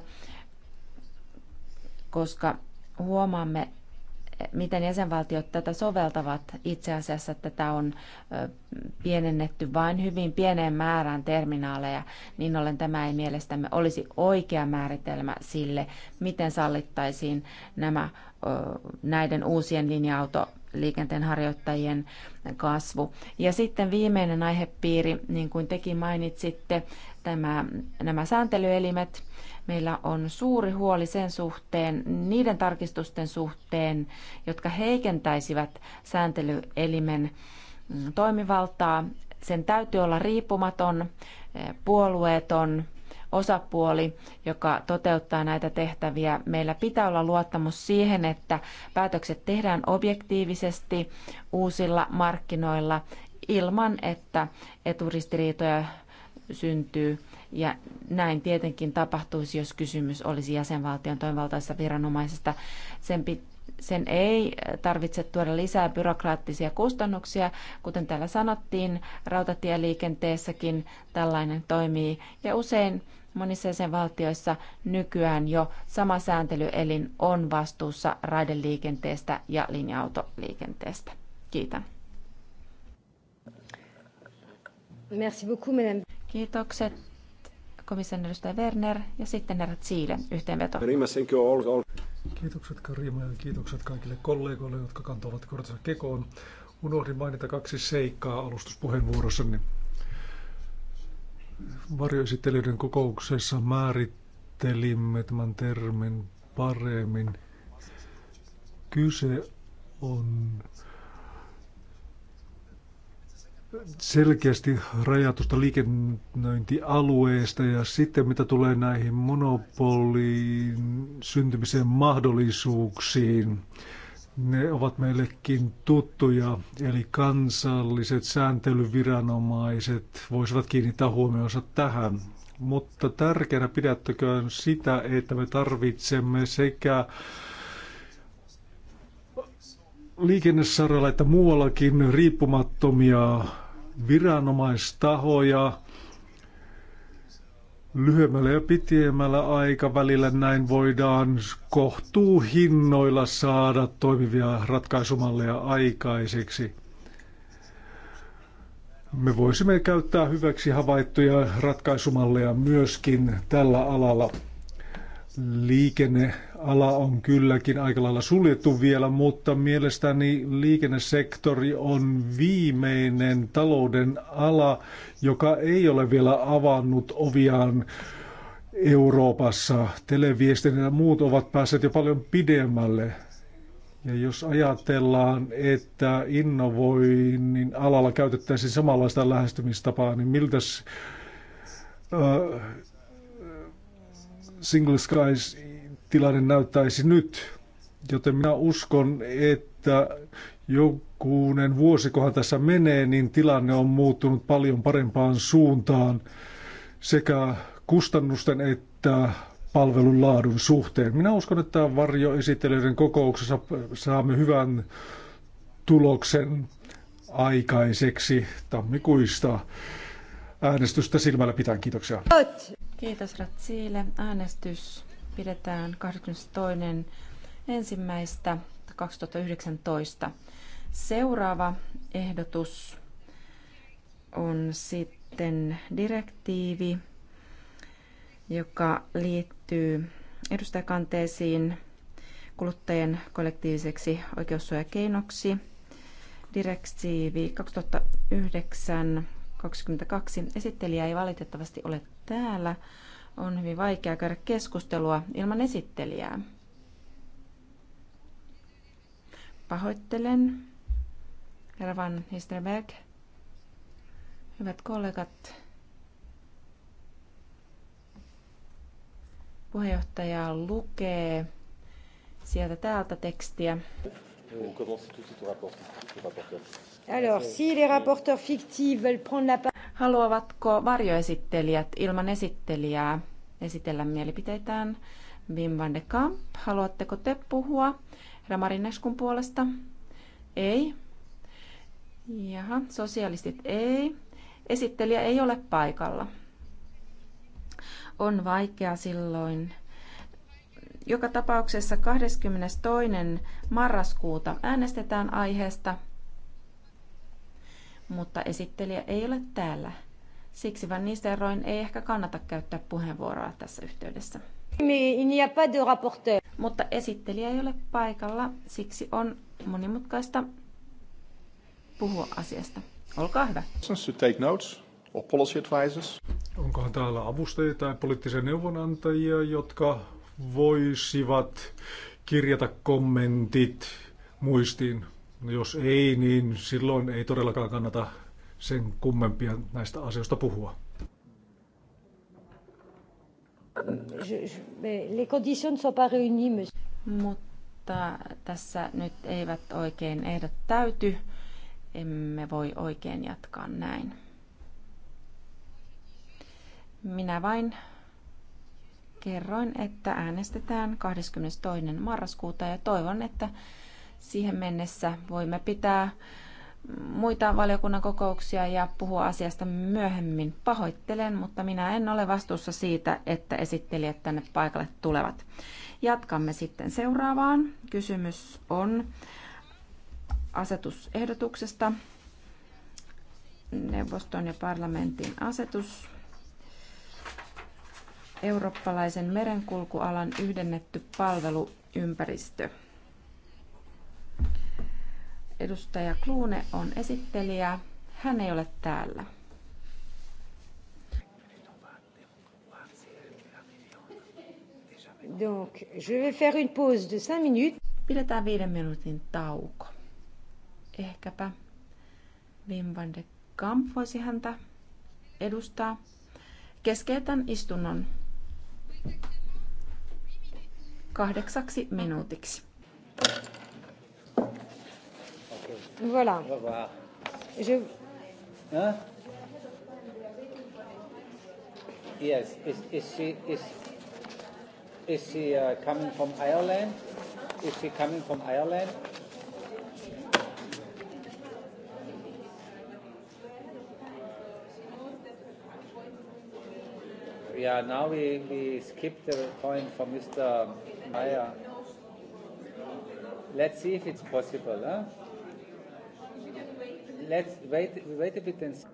koska huomaamme, miten jäsenvaltiot tätä soveltavat. Itse asiassa tätä on pienennetty vain hyvin pieneen määrään terminaaleja, niin ollen tämä ei mielestämme olisi oikea määritelmä sille, miten sallittaisiin nämä näiden uusien linja-auto liikenteen harjoittajien kasvu. Ja sitten viimeinen aihepiiri, niin kuin tekin mainitsitte, tämä, nämä sääntelyelimet – Meillä on suuri huoli sen suhteen, niiden tarkistusten suhteen, jotka heikentäisivät sääntelyelimen mm, toimivaltaa. Sen täytyy olla riippumaton, eh, puolueeton osapuoli, joka toteuttaa näitä tehtäviä. Meillä pitää olla luottamus siihen, että päätökset tehdään objektiivisesti uusilla markkinoilla ilman, että eturistiriitoja syntyy ja näin tietenkin tapahtuisi, jos kysymys olisi jäsenvaltion toimivaltaisesta viranomaisesta. Sen, sen ei tarvitse tuoda lisää byrokraattisia kustannuksia. Kuten täällä sanottiin, rautatieliikenteessäkin tällainen toimii. Ja usein monissa jäsenvaltioissa nykyään jo sama sääntelyelin on vastuussa raideliikenteestä ja linja-autoliikenteestä. Kiitän. Merci beaucoup, madame. Kiitokset komission edustaja Werner ja sitten herra Siile yhteenveto. Kiitokset Karima ja kiitokset kaikille kollegoille, jotka kantavat kortensa kekoon. Unohdin mainita kaksi seikkaa alustuspuheenvuorossani. Varjoesittelijöiden kokouksessa määrittelimme tämän termin paremmin. Kyse on selkeästi rajatusta liikennöintialueesta ja sitten mitä tulee näihin monopoliin syntymisen mahdollisuuksiin, ne ovat meillekin tuttuja, eli kansalliset sääntelyviranomaiset voisivat kiinnittää huomionsa tähän. Mutta tärkeänä pidättäköön sitä, että me tarvitsemme sekä liikennesaralla että muuallakin riippumattomia viranomaistahoja lyhyemmällä ja pitemmällä aikavälillä. Näin voidaan kohtuuhinnoilla saada toimivia ratkaisumalleja aikaiseksi. Me voisimme käyttää hyväksi havaittuja ratkaisumalleja myöskin tällä alalla liikenne ala on kylläkin aika lailla suljettu vielä, mutta mielestäni liikennesektori on viimeinen talouden ala, joka ei ole vielä avannut oviaan Euroopassa. Televiestin ja muut ovat päässeet jo paljon pidemmälle. Ja jos ajatellaan, että innovoinnin alalla käytettäisiin samanlaista lähestymistapaa, niin miltäs äh, Single Skies tilanne näyttäisi nyt. Joten minä uskon, että jokuinen vuosikohan tässä menee, niin tilanne on muuttunut paljon parempaan suuntaan sekä kustannusten että palvelun laadun suhteen. Minä uskon, että varjoesittelyiden kokouksessa saamme hyvän tuloksen aikaiseksi tammikuista äänestystä silmällä pitäen. Kiitoksia. Kiitos Ratsiile. Äänestys pidetään 22.1.2019. ensimmäistä Seuraava ehdotus on sitten direktiivi, joka liittyy edustajakanteisiin kuluttajien kollektiiviseksi oikeussuojakeinoksi. Direktiivi 2009-22. Esittelijä ei valitettavasti ole täällä on hyvin vaikea käydä keskustelua ilman esittelijää. Pahoittelen. Herra Van Histerberg. Hyvät kollegat. Puheenjohtaja lukee sieltä täältä tekstiä. Alors, si les rapporteurs fictifs veulent prendre la parole... Haluavatko varjoesittelijät ilman esittelijää esitellä mielipiteitään? Wim van de Kamp, haluatteko te puhua Ramarineskun puolesta? Ei. Jaha, sosialistit ei. Esittelijä ei ole paikalla. On vaikea silloin. Joka tapauksessa 22. marraskuuta äänestetään aiheesta – mutta esittelijä ei ole täällä. Siksi Van Nistelrooyn ei ehkä kannata käyttää puheenvuoroa tässä yhteydessä. Mutta esittelijä ei ole paikalla, siksi on monimutkaista puhua asiasta. Olkaa hyvä. Onkohan täällä avustajia tai poliittisia neuvonantajia, jotka voisivat kirjata kommentit muistiin? Jos ei, niin silloin ei todellakaan kannata sen kummempia näistä asioista puhua. Mutta tässä nyt eivät oikein ehdot täyty. Emme voi oikein jatkaa näin. Minä vain kerroin, että äänestetään 22. marraskuuta ja toivon, että Siihen mennessä voimme pitää muita valiokunnan kokouksia ja puhua asiasta myöhemmin. Pahoittelen, mutta minä en ole vastuussa siitä, että esittelijät tänne paikalle tulevat. Jatkamme sitten seuraavaan. Kysymys on asetusehdotuksesta. Neuvoston ja parlamentin asetus. Eurooppalaisen merenkulkualan yhdennetty palveluympäristö. Edustaja Kluune on esittelijä. Hän ei ole täällä. Donc, je vais faire une pause de 5 minutes. Pidetään viiden minuutin tauko. Ehkäpä Wim van de Kamp voisi häntä edustaa. Keskeytän istunnon kahdeksaksi minuutiksi. Voilà. Au revoir. Je... Hein? Yes, is, is she is is she uh, coming from Ireland? Is she coming from Ireland? Yeah, now we, we skip the point for Mr. Meyer. Let's see if it's possible, huh? let's wait, we wait a bit and see.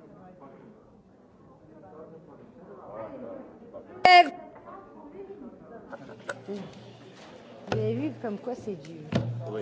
Vous avez vu comme quoi c'est dur. Oui.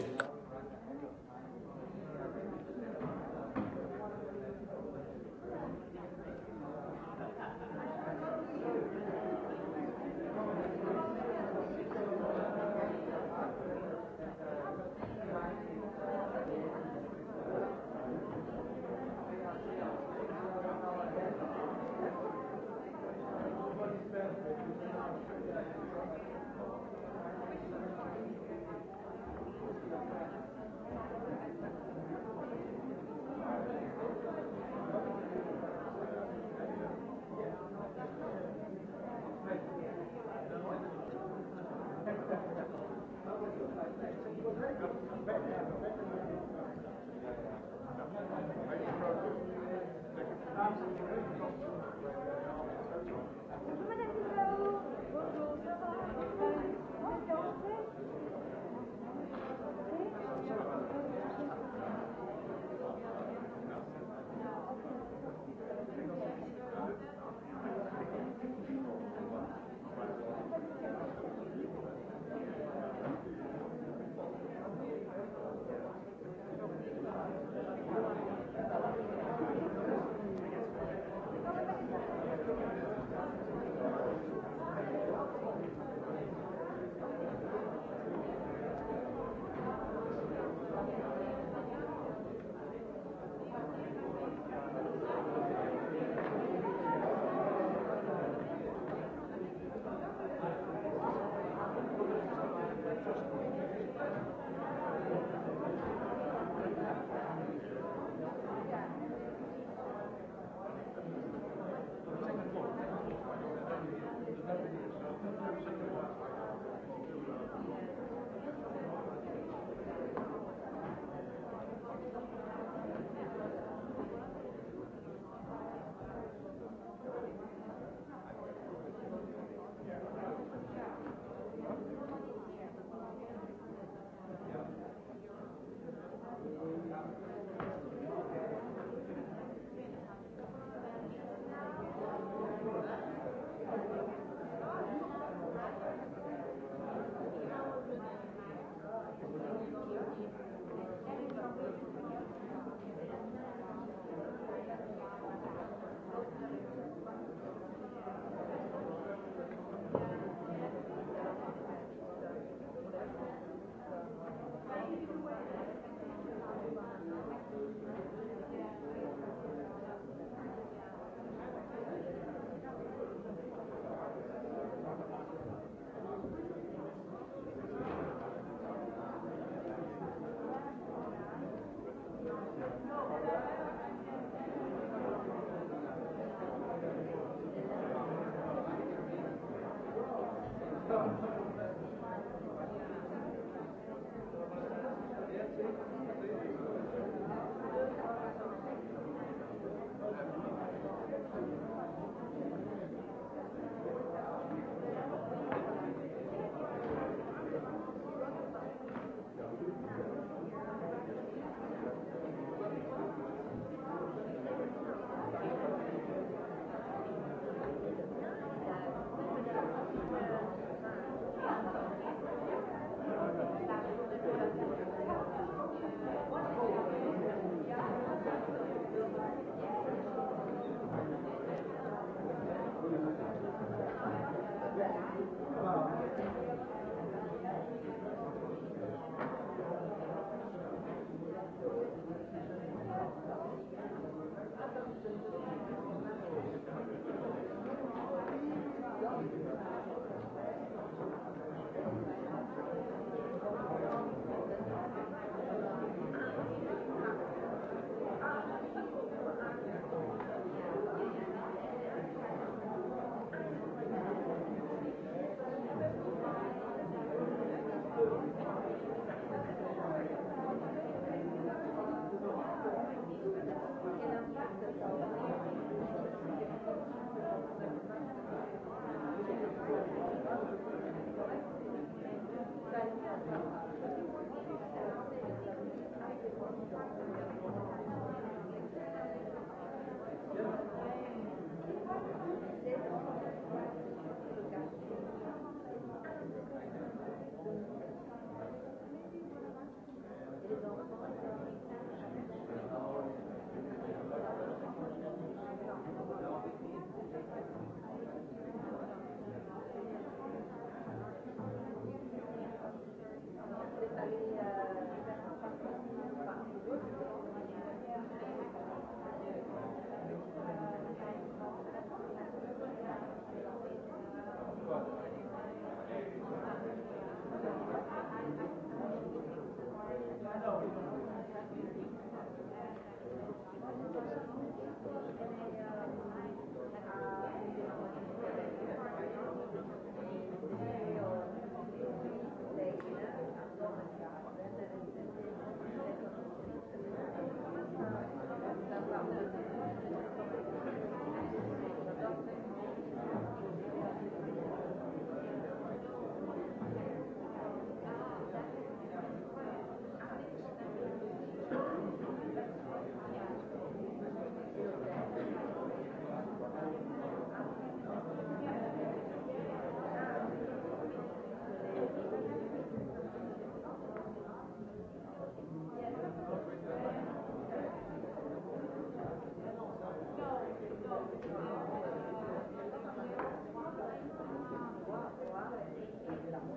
de la muerte.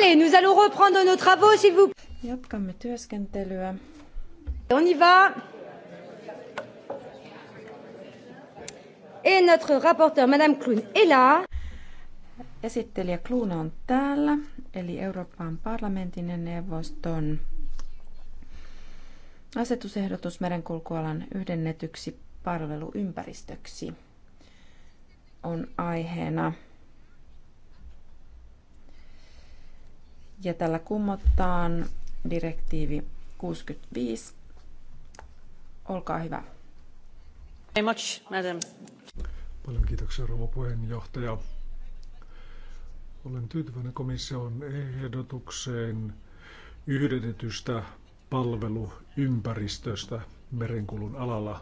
Allez, nous allons reprendre nos travaux, s'il vous plaît. On y va. Et notre rapporteur, Madame Kloon, est là. Esittelijä Kluuna on täällä, eli Euroopan parlamentin ja neuvoston asetusehdotus merenkulkualan yhdennetyksi palveluympäristöksi on aiheena. ja tällä kumottaan direktiivi 65. Olkaa hyvä. Very much, madam. Paljon kiitoksia, rouva puheenjohtaja. Olen tyytyväinen komission ehdotukseen yhdennetystä palveluympäristöstä merenkulun alalla.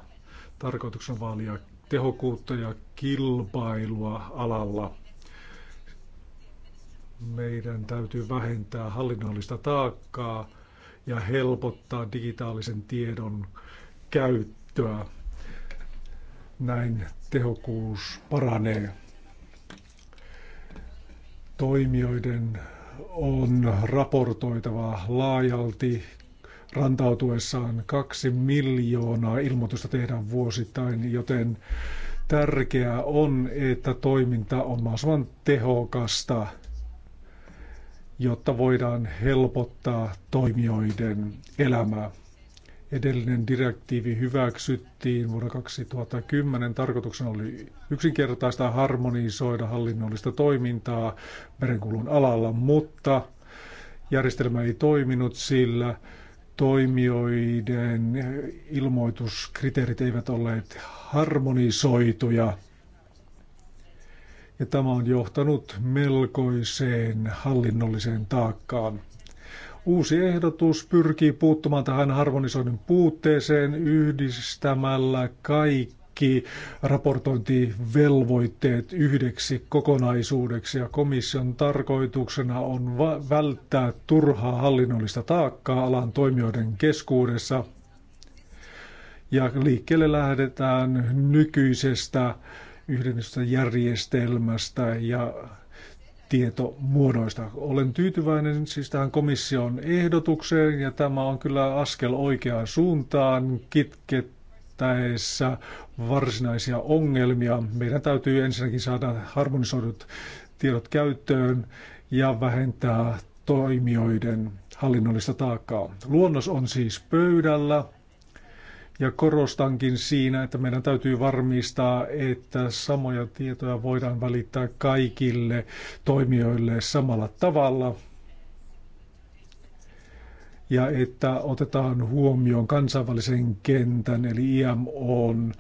Tarkoituksena vaalia tehokkuutta ja kilpailua alalla meidän täytyy vähentää hallinnollista taakkaa ja helpottaa digitaalisen tiedon käyttöä. Näin tehokkuus paranee. Toimijoiden on raportoitava laajalti rantautuessaan kaksi miljoonaa ilmoitusta tehdään vuosittain, joten tärkeää on, että toiminta on mahdollisimman tehokasta jotta voidaan helpottaa toimijoiden elämää. Edellinen direktiivi hyväksyttiin vuonna 2010. Tarkoituksena oli yksinkertaista harmonisoida hallinnollista toimintaa merenkulun alalla, mutta järjestelmä ei toiminut, sillä toimijoiden ilmoituskriteerit eivät olleet harmonisoituja ja tämä on johtanut melkoiseen hallinnolliseen taakkaan. Uusi ehdotus pyrkii puuttumaan tähän harmonisoinnin puutteeseen yhdistämällä kaikki raportointivelvoitteet yhdeksi kokonaisuudeksi ja komission tarkoituksena on välttää turhaa hallinnollista taakkaa alan toimijoiden keskuudessa ja liikkeelle lähdetään nykyisestä yhdennestä järjestelmästä ja tietomuodoista. Olen tyytyväinen siis tähän komission ehdotukseen ja tämä on kyllä askel oikeaan suuntaan kitkettäessä varsinaisia ongelmia. Meidän täytyy ensinnäkin saada harmonisoidut tiedot käyttöön ja vähentää toimijoiden hallinnollista taakkaa. Luonnos on siis pöydällä ja korostankin siinä, että meidän täytyy varmistaa, että samoja tietoja voidaan välittää kaikille toimijoille samalla tavalla ja että otetaan huomioon kansainvälisen kentän eli IMOn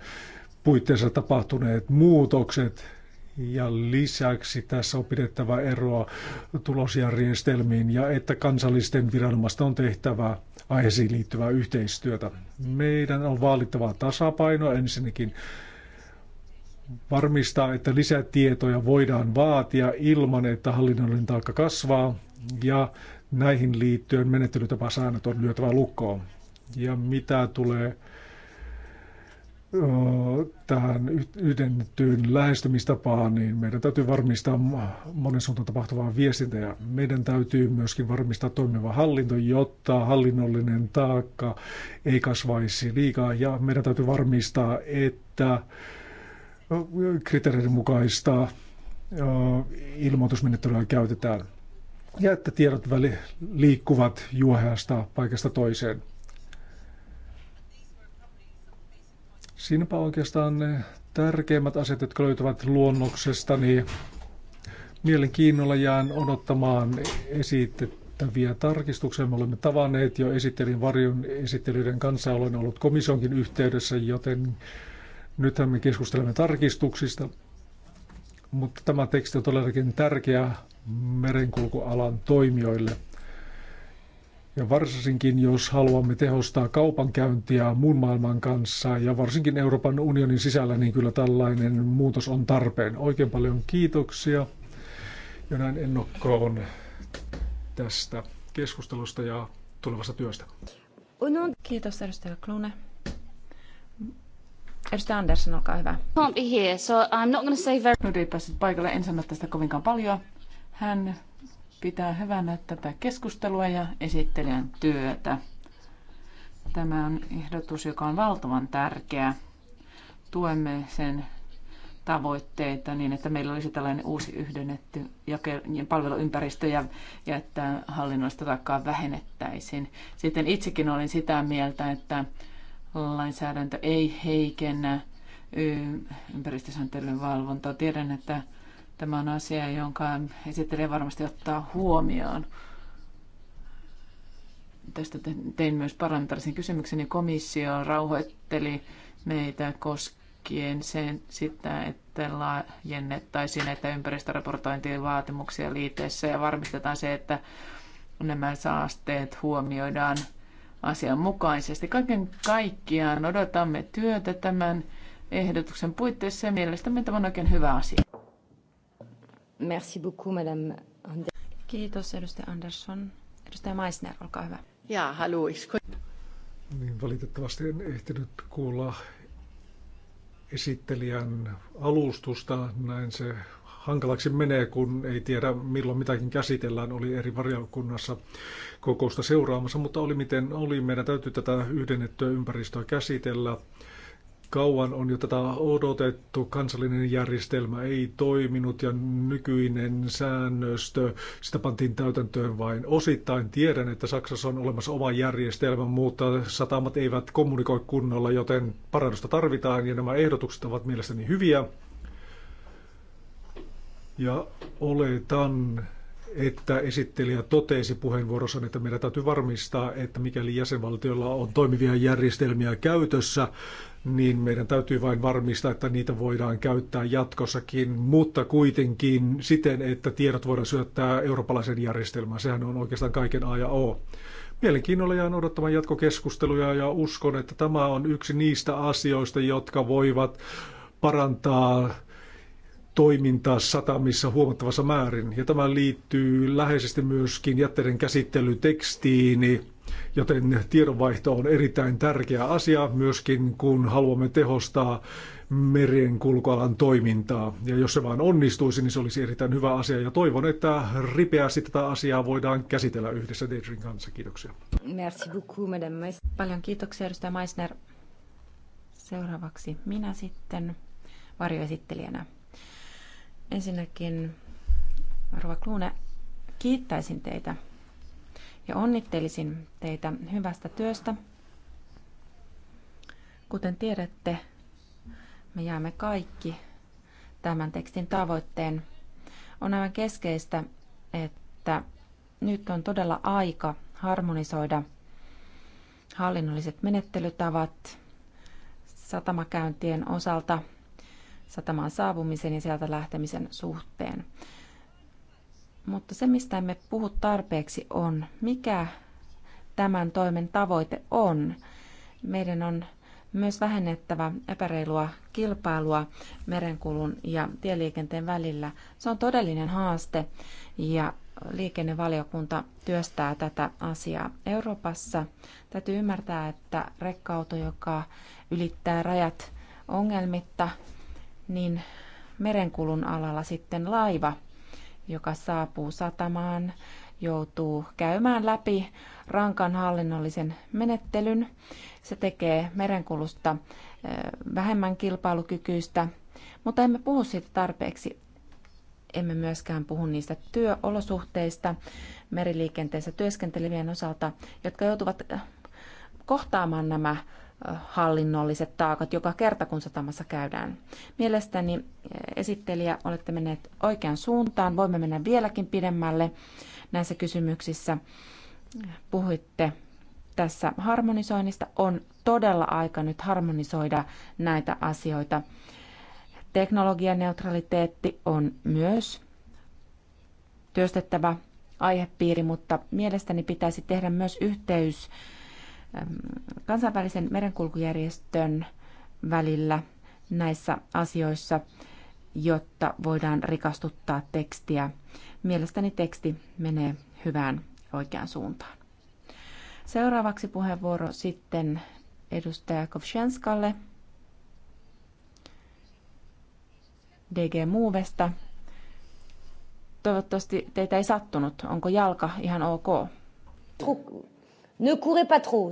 puitteissa tapahtuneet muutokset ja lisäksi tässä on pidettävä eroa tulosjärjestelmiin ja että kansallisten viranomaisten on tehtävä aiheisiin liittyvää yhteistyötä. Meidän on vaalittava tasapainoa ensinnäkin varmistaa, että lisätietoja voidaan vaatia ilman, että hallinnollinen taakka kasvaa ja näihin liittyen menettelytapasäännöt on lyötävä lukkoon. Ja mitä tulee tähän yhdentyyn lähestymistapaan, niin meidän täytyy varmistaa monen suuntaan tapahtuvaa viestintää ja meidän täytyy myöskin varmistaa toimiva hallinto, jotta hallinnollinen taakka ei kasvaisi liikaa ja meidän täytyy varmistaa, että kriteereiden mukaista ilmoitusmenettelyä käytetään ja että tiedot väli liikkuvat juoheasta paikasta toiseen. Siinäpä oikeastaan ne tärkeimmät asiat, jotka löytyvät luonnoksesta, niin mielenkiinnolla jään odottamaan esitettäviä tarkistuksia. Me olemme tavanneet jo esittelin varjon esittelyiden kanssa. Olen ollut komissionkin yhteydessä, joten nythän me keskustelemme tarkistuksista. Mutta tämä teksti on todellakin tärkeä merenkulkualan toimijoille – ja varsinkin jos haluamme tehostaa kaupankäyntiä muun maailman kanssa ja varsinkin Euroopan unionin sisällä, niin kyllä tällainen muutos on tarpeen. Oikein paljon kiitoksia ja näin ennokkoon tästä keskustelusta ja tulevasta työstä. Kiitos edustaja Klune. Edustaja Andersson, olkaa hyvä. Can't be here, so I'm not going to say very... Nyt ei päässyt paikalle, en sano tästä kovinkaan paljon. Hän pitää hyvänä tätä keskustelua ja esittelijän työtä. Tämä on ehdotus, joka on valtavan tärkeä. Tuemme sen tavoitteita niin, että meillä olisi tällainen uusi yhdennetty palveluympäristö ja, ja että hallinnoista takaa vähennettäisiin. Sitten itsekin olin sitä mieltä, että lainsäädäntö ei heikennä ympäristösääntelyn valvontaa. Tiedän, että Tämä on asia, jonka esittelijä varmasti ottaa huomioon. Tästä tein myös parlamentaarisen kysymyksen, ja niin komissio rauhoitteli meitä koskien sen, sitä, että laajennettaisiin näitä ympäristöraportointien vaatimuksia liitteessä ja varmistetaan se, että nämä saasteet huomioidaan asianmukaisesti. Kaiken kaikkiaan odotamme työtä tämän ehdotuksen puitteissa ja mielestämme tämä on oikein hyvä asia. Merci beaucoup, Madame Andersson. Kiitos, edustaja Andersson. Edustaja Meissner, olkaa hyvä. Ja, hallo, Niin, valitettavasti en ehtinyt kuulla esittelijän alustusta. Näin se hankalaksi menee, kun ei tiedä milloin mitäkin käsitellään. Oli eri varjokunnassa kokousta seuraamassa, mutta oli miten oli. Meidän täytyy tätä yhdennettyä ympäristöä käsitellä. Kauan on jo tätä odotettu, kansallinen järjestelmä ei toiminut ja nykyinen säännöstö, sitä pantiin täytäntöön vain osittain. Tiedän, että Saksassa on olemassa oma järjestelmä, mutta satamat eivät kommunikoi kunnolla, joten parannusta tarvitaan ja nämä ehdotukset ovat mielestäni hyviä. Ja oletan, että esittelijä totesi puheenvuorossaan, että meidän täytyy varmistaa, että mikäli jäsenvaltiolla on toimivia järjestelmiä käytössä, niin meidän täytyy vain varmistaa, että niitä voidaan käyttää jatkossakin, mutta kuitenkin siten, että tiedot voidaan syöttää eurooppalaisen järjestelmään. Sehän on oikeastaan kaiken A ja O. Mielenkiinnolla jään odottamaan jatkokeskusteluja ja uskon, että tämä on yksi niistä asioista, jotka voivat parantaa toimintaa satamissa huomattavassa määrin. Ja tämä liittyy läheisesti myöskin jätteiden käsittelytekstiin, joten tiedonvaihto on erittäin tärkeä asia myöskin, kun haluamme tehostaa kulkualan toimintaa. Ja jos se vain onnistuisi, niin se olisi erittäin hyvä asia. Ja toivon, että ripeästi tätä asiaa voidaan käsitellä yhdessä Deidrin kanssa. Kiitoksia. Merci beaucoup, madame Paljon kiitoksia, edustaja Meissner. Seuraavaksi minä sitten varjoesittelijänä. Ensinnäkin, Rova Kluune, kiittäisin teitä ja onnittelisin teitä hyvästä työstä. Kuten tiedätte, me jäämme kaikki tämän tekstin tavoitteen. On aivan keskeistä, että nyt on todella aika harmonisoida hallinnolliset menettelytavat satamakäyntien osalta – satamaan saapumisen ja sieltä lähtemisen suhteen. Mutta se, mistä emme puhu tarpeeksi, on, mikä tämän toimen tavoite on. Meidän on myös vähennettävä epäreilua kilpailua merenkulun ja tieliikenteen välillä. Se on todellinen haaste ja liikennevaliokunta työstää tätä asiaa Euroopassa. Täytyy ymmärtää, että rekka joka ylittää rajat ongelmitta niin merenkulun alalla sitten laiva, joka saapuu satamaan, joutuu käymään läpi rankan hallinnollisen menettelyn. Se tekee merenkulusta vähemmän kilpailukykyistä, mutta emme puhu siitä tarpeeksi. Emme myöskään puhu niistä työolosuhteista meriliikenteessä työskentelevien osalta, jotka joutuvat kohtaamaan nämä hallinnolliset taakat joka kerta, kun satamassa käydään. Mielestäni eh, esittelijä olette menneet oikeaan suuntaan. Voimme mennä vieläkin pidemmälle näissä kysymyksissä. Puhuitte tässä harmonisoinnista. On todella aika nyt harmonisoida näitä asioita. Teknologianeutraliteetti on myös työstettävä aihepiiri, mutta mielestäni pitäisi tehdä myös yhteys kansainvälisen merenkulkujärjestön välillä näissä asioissa, jotta voidaan rikastuttaa tekstiä. Mielestäni teksti menee hyvään oikeaan suuntaan. Seuraavaksi puheenvuoro sitten edustaja Kovshenskalle DG Movesta. Toivottavasti teitä ei sattunut. Onko jalka ihan ok? Ne courez pas trop.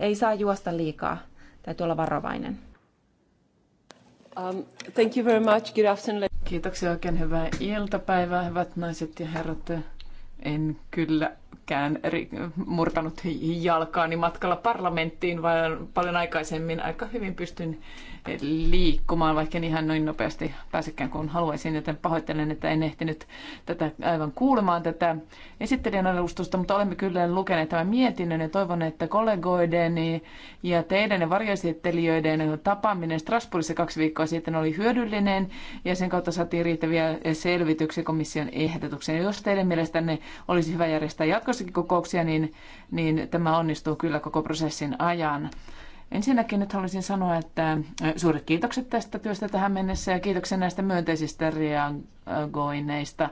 Ei saa juosta liikaa. Täytyy olla varovainen. Um, thank you very much. Good afternoon. Kiitoksia oikein hyvää iltapäivää, hyvät naiset ja herrat. En kyllä pitkään murtanut jalkaani matkalla parlamenttiin, vaan paljon aikaisemmin aika hyvin pystyn liikkumaan, vaikka en ihan noin nopeasti pääsekään kuin haluaisin, joten pahoittelen, että en ehtinyt tätä aivan kuulemaan tätä esittelijän alustusta, mutta olemme kyllä lukeneet tämän mietinnön ja toivon, että kollegoideni ja teidän ja varjoesittelijöiden tapaaminen Strasbourgissa kaksi viikkoa sitten oli hyödyllinen ja sen kautta saatiin riittäviä selvityksiä komission ehdotukseen. Jos teidän mielestänne olisi hyvä järjestää jatkossa joissakin kokouksia, niin, niin tämä onnistuu kyllä koko prosessin ajan. Ensinnäkin nyt haluaisin sanoa, että suuret kiitokset tästä työstä tähän mennessä ja kiitoksia näistä myönteisistä reagoineista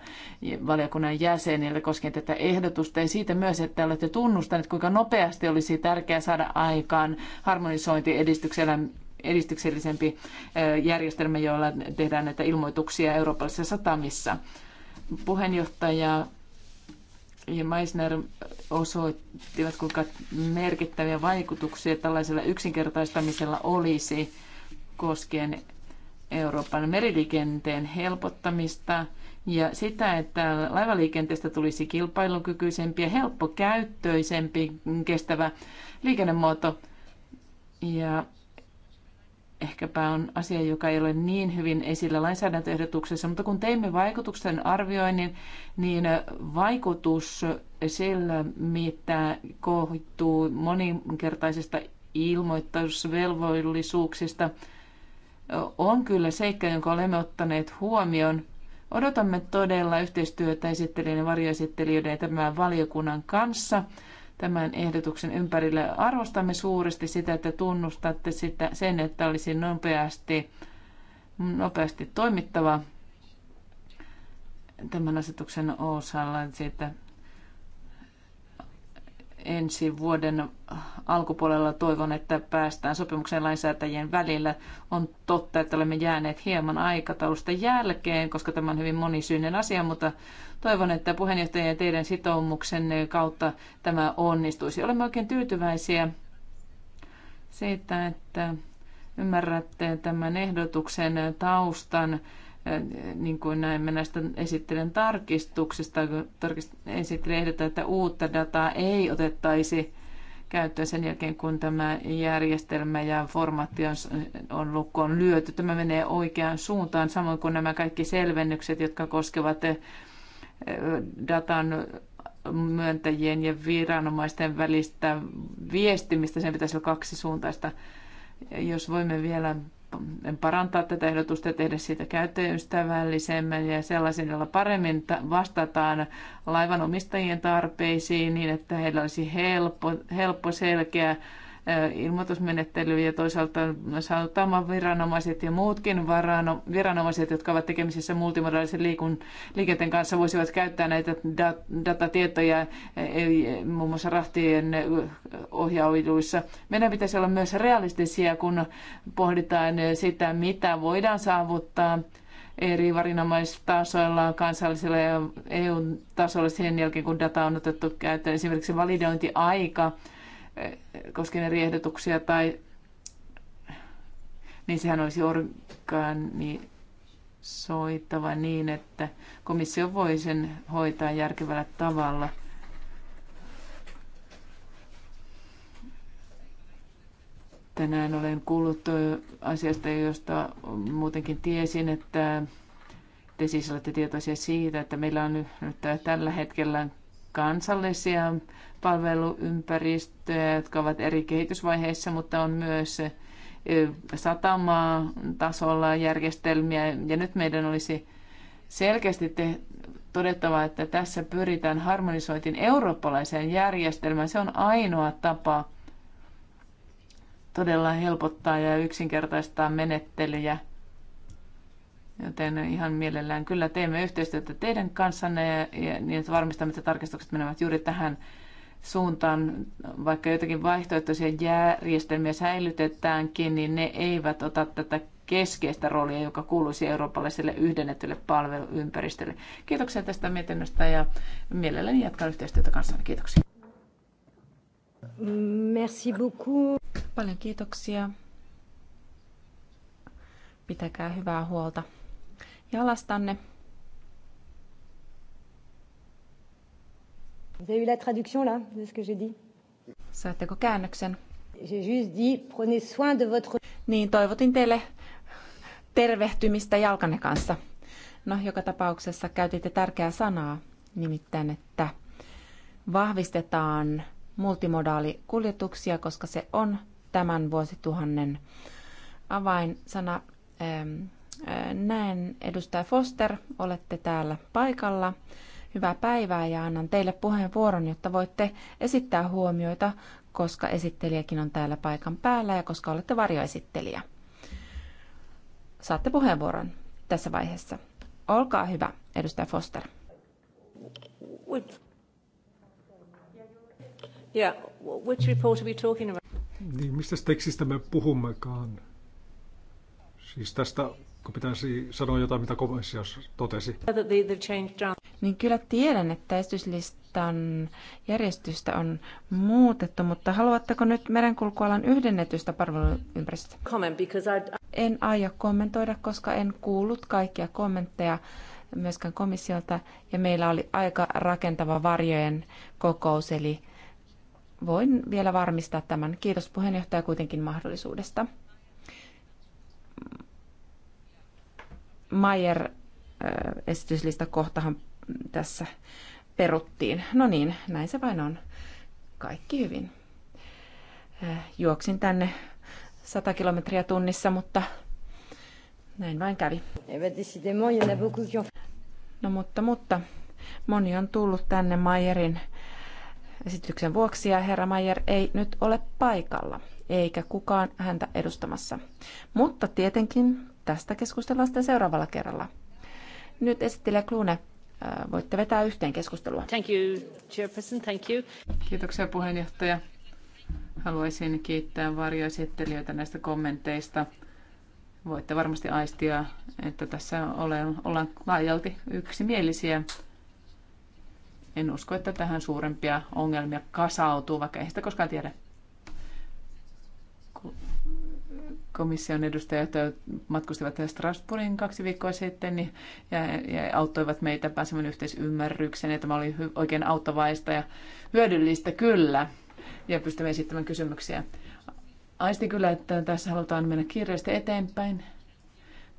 valiokunnan jäsenille koskien tätä ehdotusta ja siitä myös, että olette tunnustaneet, kuinka nopeasti olisi tärkeää saada aikaan harmonisointi edistyksellä edistyksellisempi järjestelmä, jolla tehdään näitä ilmoituksia eurooppalaisissa satamissa. Puheenjohtaja ja Meissner osoittivat, kuinka merkittäviä vaikutuksia tällaisella yksinkertaistamisella olisi koskien Euroopan meriliikenteen helpottamista ja sitä, että laivaliikenteestä tulisi kilpailukykyisempi ja helppokäyttöisempi kestävä liikennemuoto. Ja ehkäpä on asia, joka ei ole niin hyvin esillä lainsäädäntöehdotuksessa, mutta kun teimme vaikutusten arvioinnin, niin vaikutus sillä, mitä kohtuu moninkertaisista ilmoittausvelvollisuuksista, on kyllä seikka, jonka olemme ottaneet huomioon. Odotamme todella yhteistyötä esittelijöiden ja varjoesittelijöiden tämän valiokunnan kanssa tämän ehdotuksen ympärille. Arvostamme suuresti sitä, että tunnustatte sitä, sen, että olisi nopeasti, nopeasti toimittava tämän asetuksen osalla siitä ensi vuoden alkupuolella toivon, että päästään sopimuksen lainsäätäjien välillä. On totta, että olemme jääneet hieman aikataulusta jälkeen, koska tämä on hyvin monisyinen asia, mutta Toivon, että puheenjohtajien ja teidän sitoumuksenne kautta tämä onnistuisi. Olemme oikein tyytyväisiä siitä, että ymmärrätte tämän ehdotuksen taustan, niin kuin näemme näistä esittelen tarkistuksista, esittelen ehdottaa, että uutta dataa ei otettaisi käyttöön sen jälkeen, kun tämä järjestelmä ja formaatti on, on lukkoon lyöty. Tämä menee oikeaan suuntaan, samoin kuin nämä kaikki selvennykset, jotka koskevat datan myöntäjien ja viranomaisten välistä viestimistä. Sen pitäisi olla kaksisuuntaista. Jos voimme vielä parantaa tätä ehdotusta ja tehdä siitä käyttäjäystävällisemmän ja sellaisen, jolla paremmin vastataan laivanomistajien tarpeisiin niin, että heillä olisi helppo, helppo selkeä ilmoitusmenettely ja toisaalta saataman viranomaiset ja muutkin varano, viranomaiset, jotka ovat tekemisissä multimodaalisen liikun, liikenteen kanssa, voisivat käyttää näitä dat, datatietoja e, e, muun mm. muassa rahtien ohjauduissa. Meidän pitäisi olla myös realistisia, kun pohditaan sitä, mitä voidaan saavuttaa eri varinomaistasoilla, kansallisella ja EU-tasolla sen jälkeen, kun data on otettu käyttöön. Esimerkiksi validointiaika koskien eri ehdotuksia tai niin sehän olisi organisoitava niin, että komissio voi sen hoitaa järkevällä tavalla. Tänään olen kuullut asiasta, josta muutenkin tiesin, että te siis olette tietoisia siitä, että meillä on nyt tällä hetkellä kansallisia palveluympäristöjä, jotka ovat eri kehitysvaiheissa, mutta on myös satamaa tasolla järjestelmiä. Ja nyt meidän olisi selkeästi te- todettava, että tässä pyritään harmonisoitin eurooppalaiseen järjestelmään. Se on ainoa tapa todella helpottaa ja yksinkertaistaa menettelyjä. Joten ihan mielellään kyllä teemme yhteistyötä teidän kanssanne ja, ja niin, että varmistamme, että tarkistukset menevät juuri tähän suuntaan, vaikka jotakin vaihtoehtoisia järjestelmiä säilytetäänkin, niin ne eivät ota tätä keskeistä roolia, joka kuuluisi eurooppalaiselle yhdennetylle palveluympäristölle. Kiitoksia tästä mietinnöstä ja mielelläni jatkan yhteistyötä kanssanne. Kiitoksia. Merci beaucoup. Paljon kiitoksia. Pitäkää hyvää huolta jalastanne. Vous avez eu la traduction là de ce que j'ai dit? Saitteko käännöksen? J'ai juste dit prenez soin de votre... Niin, toivotin teille tervehtymistä jalkanne kanssa. No, joka tapauksessa käytitte tärkeää sanaa, nimittäin, että vahvistetaan multimodaalikuljetuksia, koska se on tämän vuosituhannen avainsana. Näen, edustaja Foster, olette täällä paikalla. Hyvää päivää ja annan teille puheenvuoron, jotta voitte esittää huomioita, koska esittelijäkin on täällä paikan päällä ja koska olette varjoesittelijä. Saatte puheenvuoron tässä vaiheessa. Olkaa hyvä, edustaja Foster. Yeah, which report are we talking about? Niin, mistä tekstistä me puhummekaan? Siis tästä kun pitäisi sanoa jotain, mitä komissio totesi. Niin kyllä tiedän, että esityslistan järjestystä on muutettu, mutta haluatteko nyt merenkulkualan yhdennetystä palveluympäristöstä? En aio kommentoida, koska en kuullut kaikkia kommentteja myöskään komissiolta, ja meillä oli aika rakentava varjojen kokous, eli voin vielä varmistaa tämän. Kiitos puheenjohtaja kuitenkin mahdollisuudesta. Mayer äh, esityslista kohtahan tässä peruttiin. No niin, näin se vain on. Kaikki hyvin. Äh, juoksin tänne 100 kilometriä tunnissa, mutta näin vain kävi. Eh no mutta, mutta moni on tullut tänne Mayerin esityksen vuoksi ja herra Mayer ei nyt ole paikalla, eikä kukaan häntä edustamassa. Mutta tietenkin Tästä keskustellaan sitten seuraavalla kerralla. Nyt esittelee Klune äh, Voitte vetää yhteen keskustelua. Thank you, Chairperson. Thank you. Kiitoksia puheenjohtaja. Haluaisin kiittää varjoesittelijöitä näistä kommenteista. Voitte varmasti aistia, että tässä olen ollaan laajalti yksimielisiä en usko, että tähän suurempia ongelmia kasautuu, vaikka ei sitä koskaan tiedä. komission edustajat matkustivat Strasbourgin kaksi viikkoa sitten niin- ja, ja auttoivat meitä pääsemään yhteisymmärrykseen. Ja tämä oli oikein auttavaista ja hyödyllistä kyllä. Ja pystymme esittämään kysymyksiä. Aisti kyllä, että tässä halutaan mennä kiireesti eteenpäin.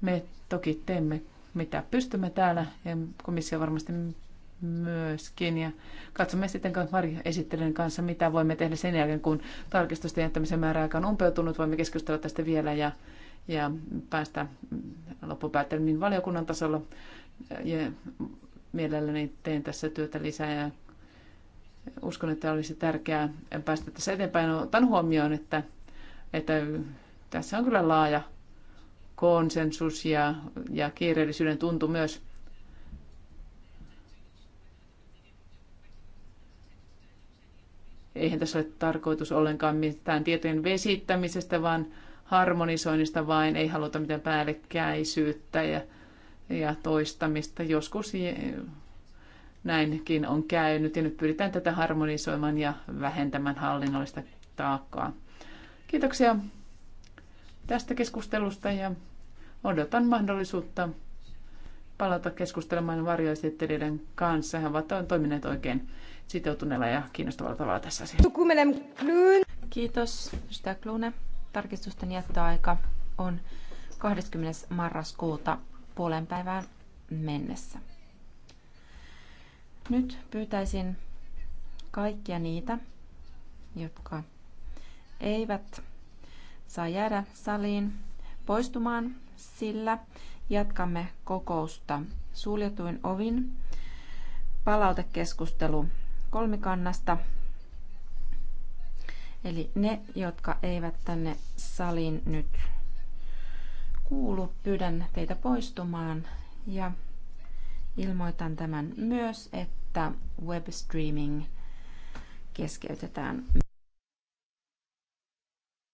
Me toki teemme mitä pystymme täällä ja komissio varmasti myöskin. Ja katsomme sitten esittelyn kanssa, mitä voimme tehdä sen jälkeen, kun tarkistusten jättämisen määräaika on umpeutunut. Voimme keskustella tästä vielä ja, ja päästä loppupäätelmiin valiokunnan tasolla. Ja mielelläni teen tässä työtä lisää ja uskon, että olisi tärkeää päästä tässä eteenpäin. Otan huomioon, että, että tässä on kyllä laaja konsensus ja, ja kiireellisyyden tuntu myös – Eihän tässä ole tarkoitus ollenkaan mitään tietojen vesittämisestä, vaan harmonisoinnista vain. Ei haluta mitään päällekkäisyyttä ja, ja toistamista. Joskus näinkin on käynyt ja nyt pyritään tätä harmonisoimaan ja vähentämään hallinnollista taakkaa. Kiitoksia tästä keskustelusta ja odotan mahdollisuutta palata keskustelemaan varjoesittelijöiden kanssa. He ovat toimineet oikein sitoutuneella ja kiinnostavalla tavalla tässä asiassa. Kiitos, klune. Tarkistusten jättöaika on 20. marraskuuta puolen päivään mennessä. Nyt pyytäisin kaikkia niitä, jotka eivät saa jäädä saliin poistumaan, sillä jatkamme kokousta suljetuin ovin palautekeskustelu kolmikannasta. Eli ne, jotka eivät tänne saliin nyt kuulu, pyydän teitä poistumaan ja ilmoitan tämän myös, että webstreaming keskeytetään.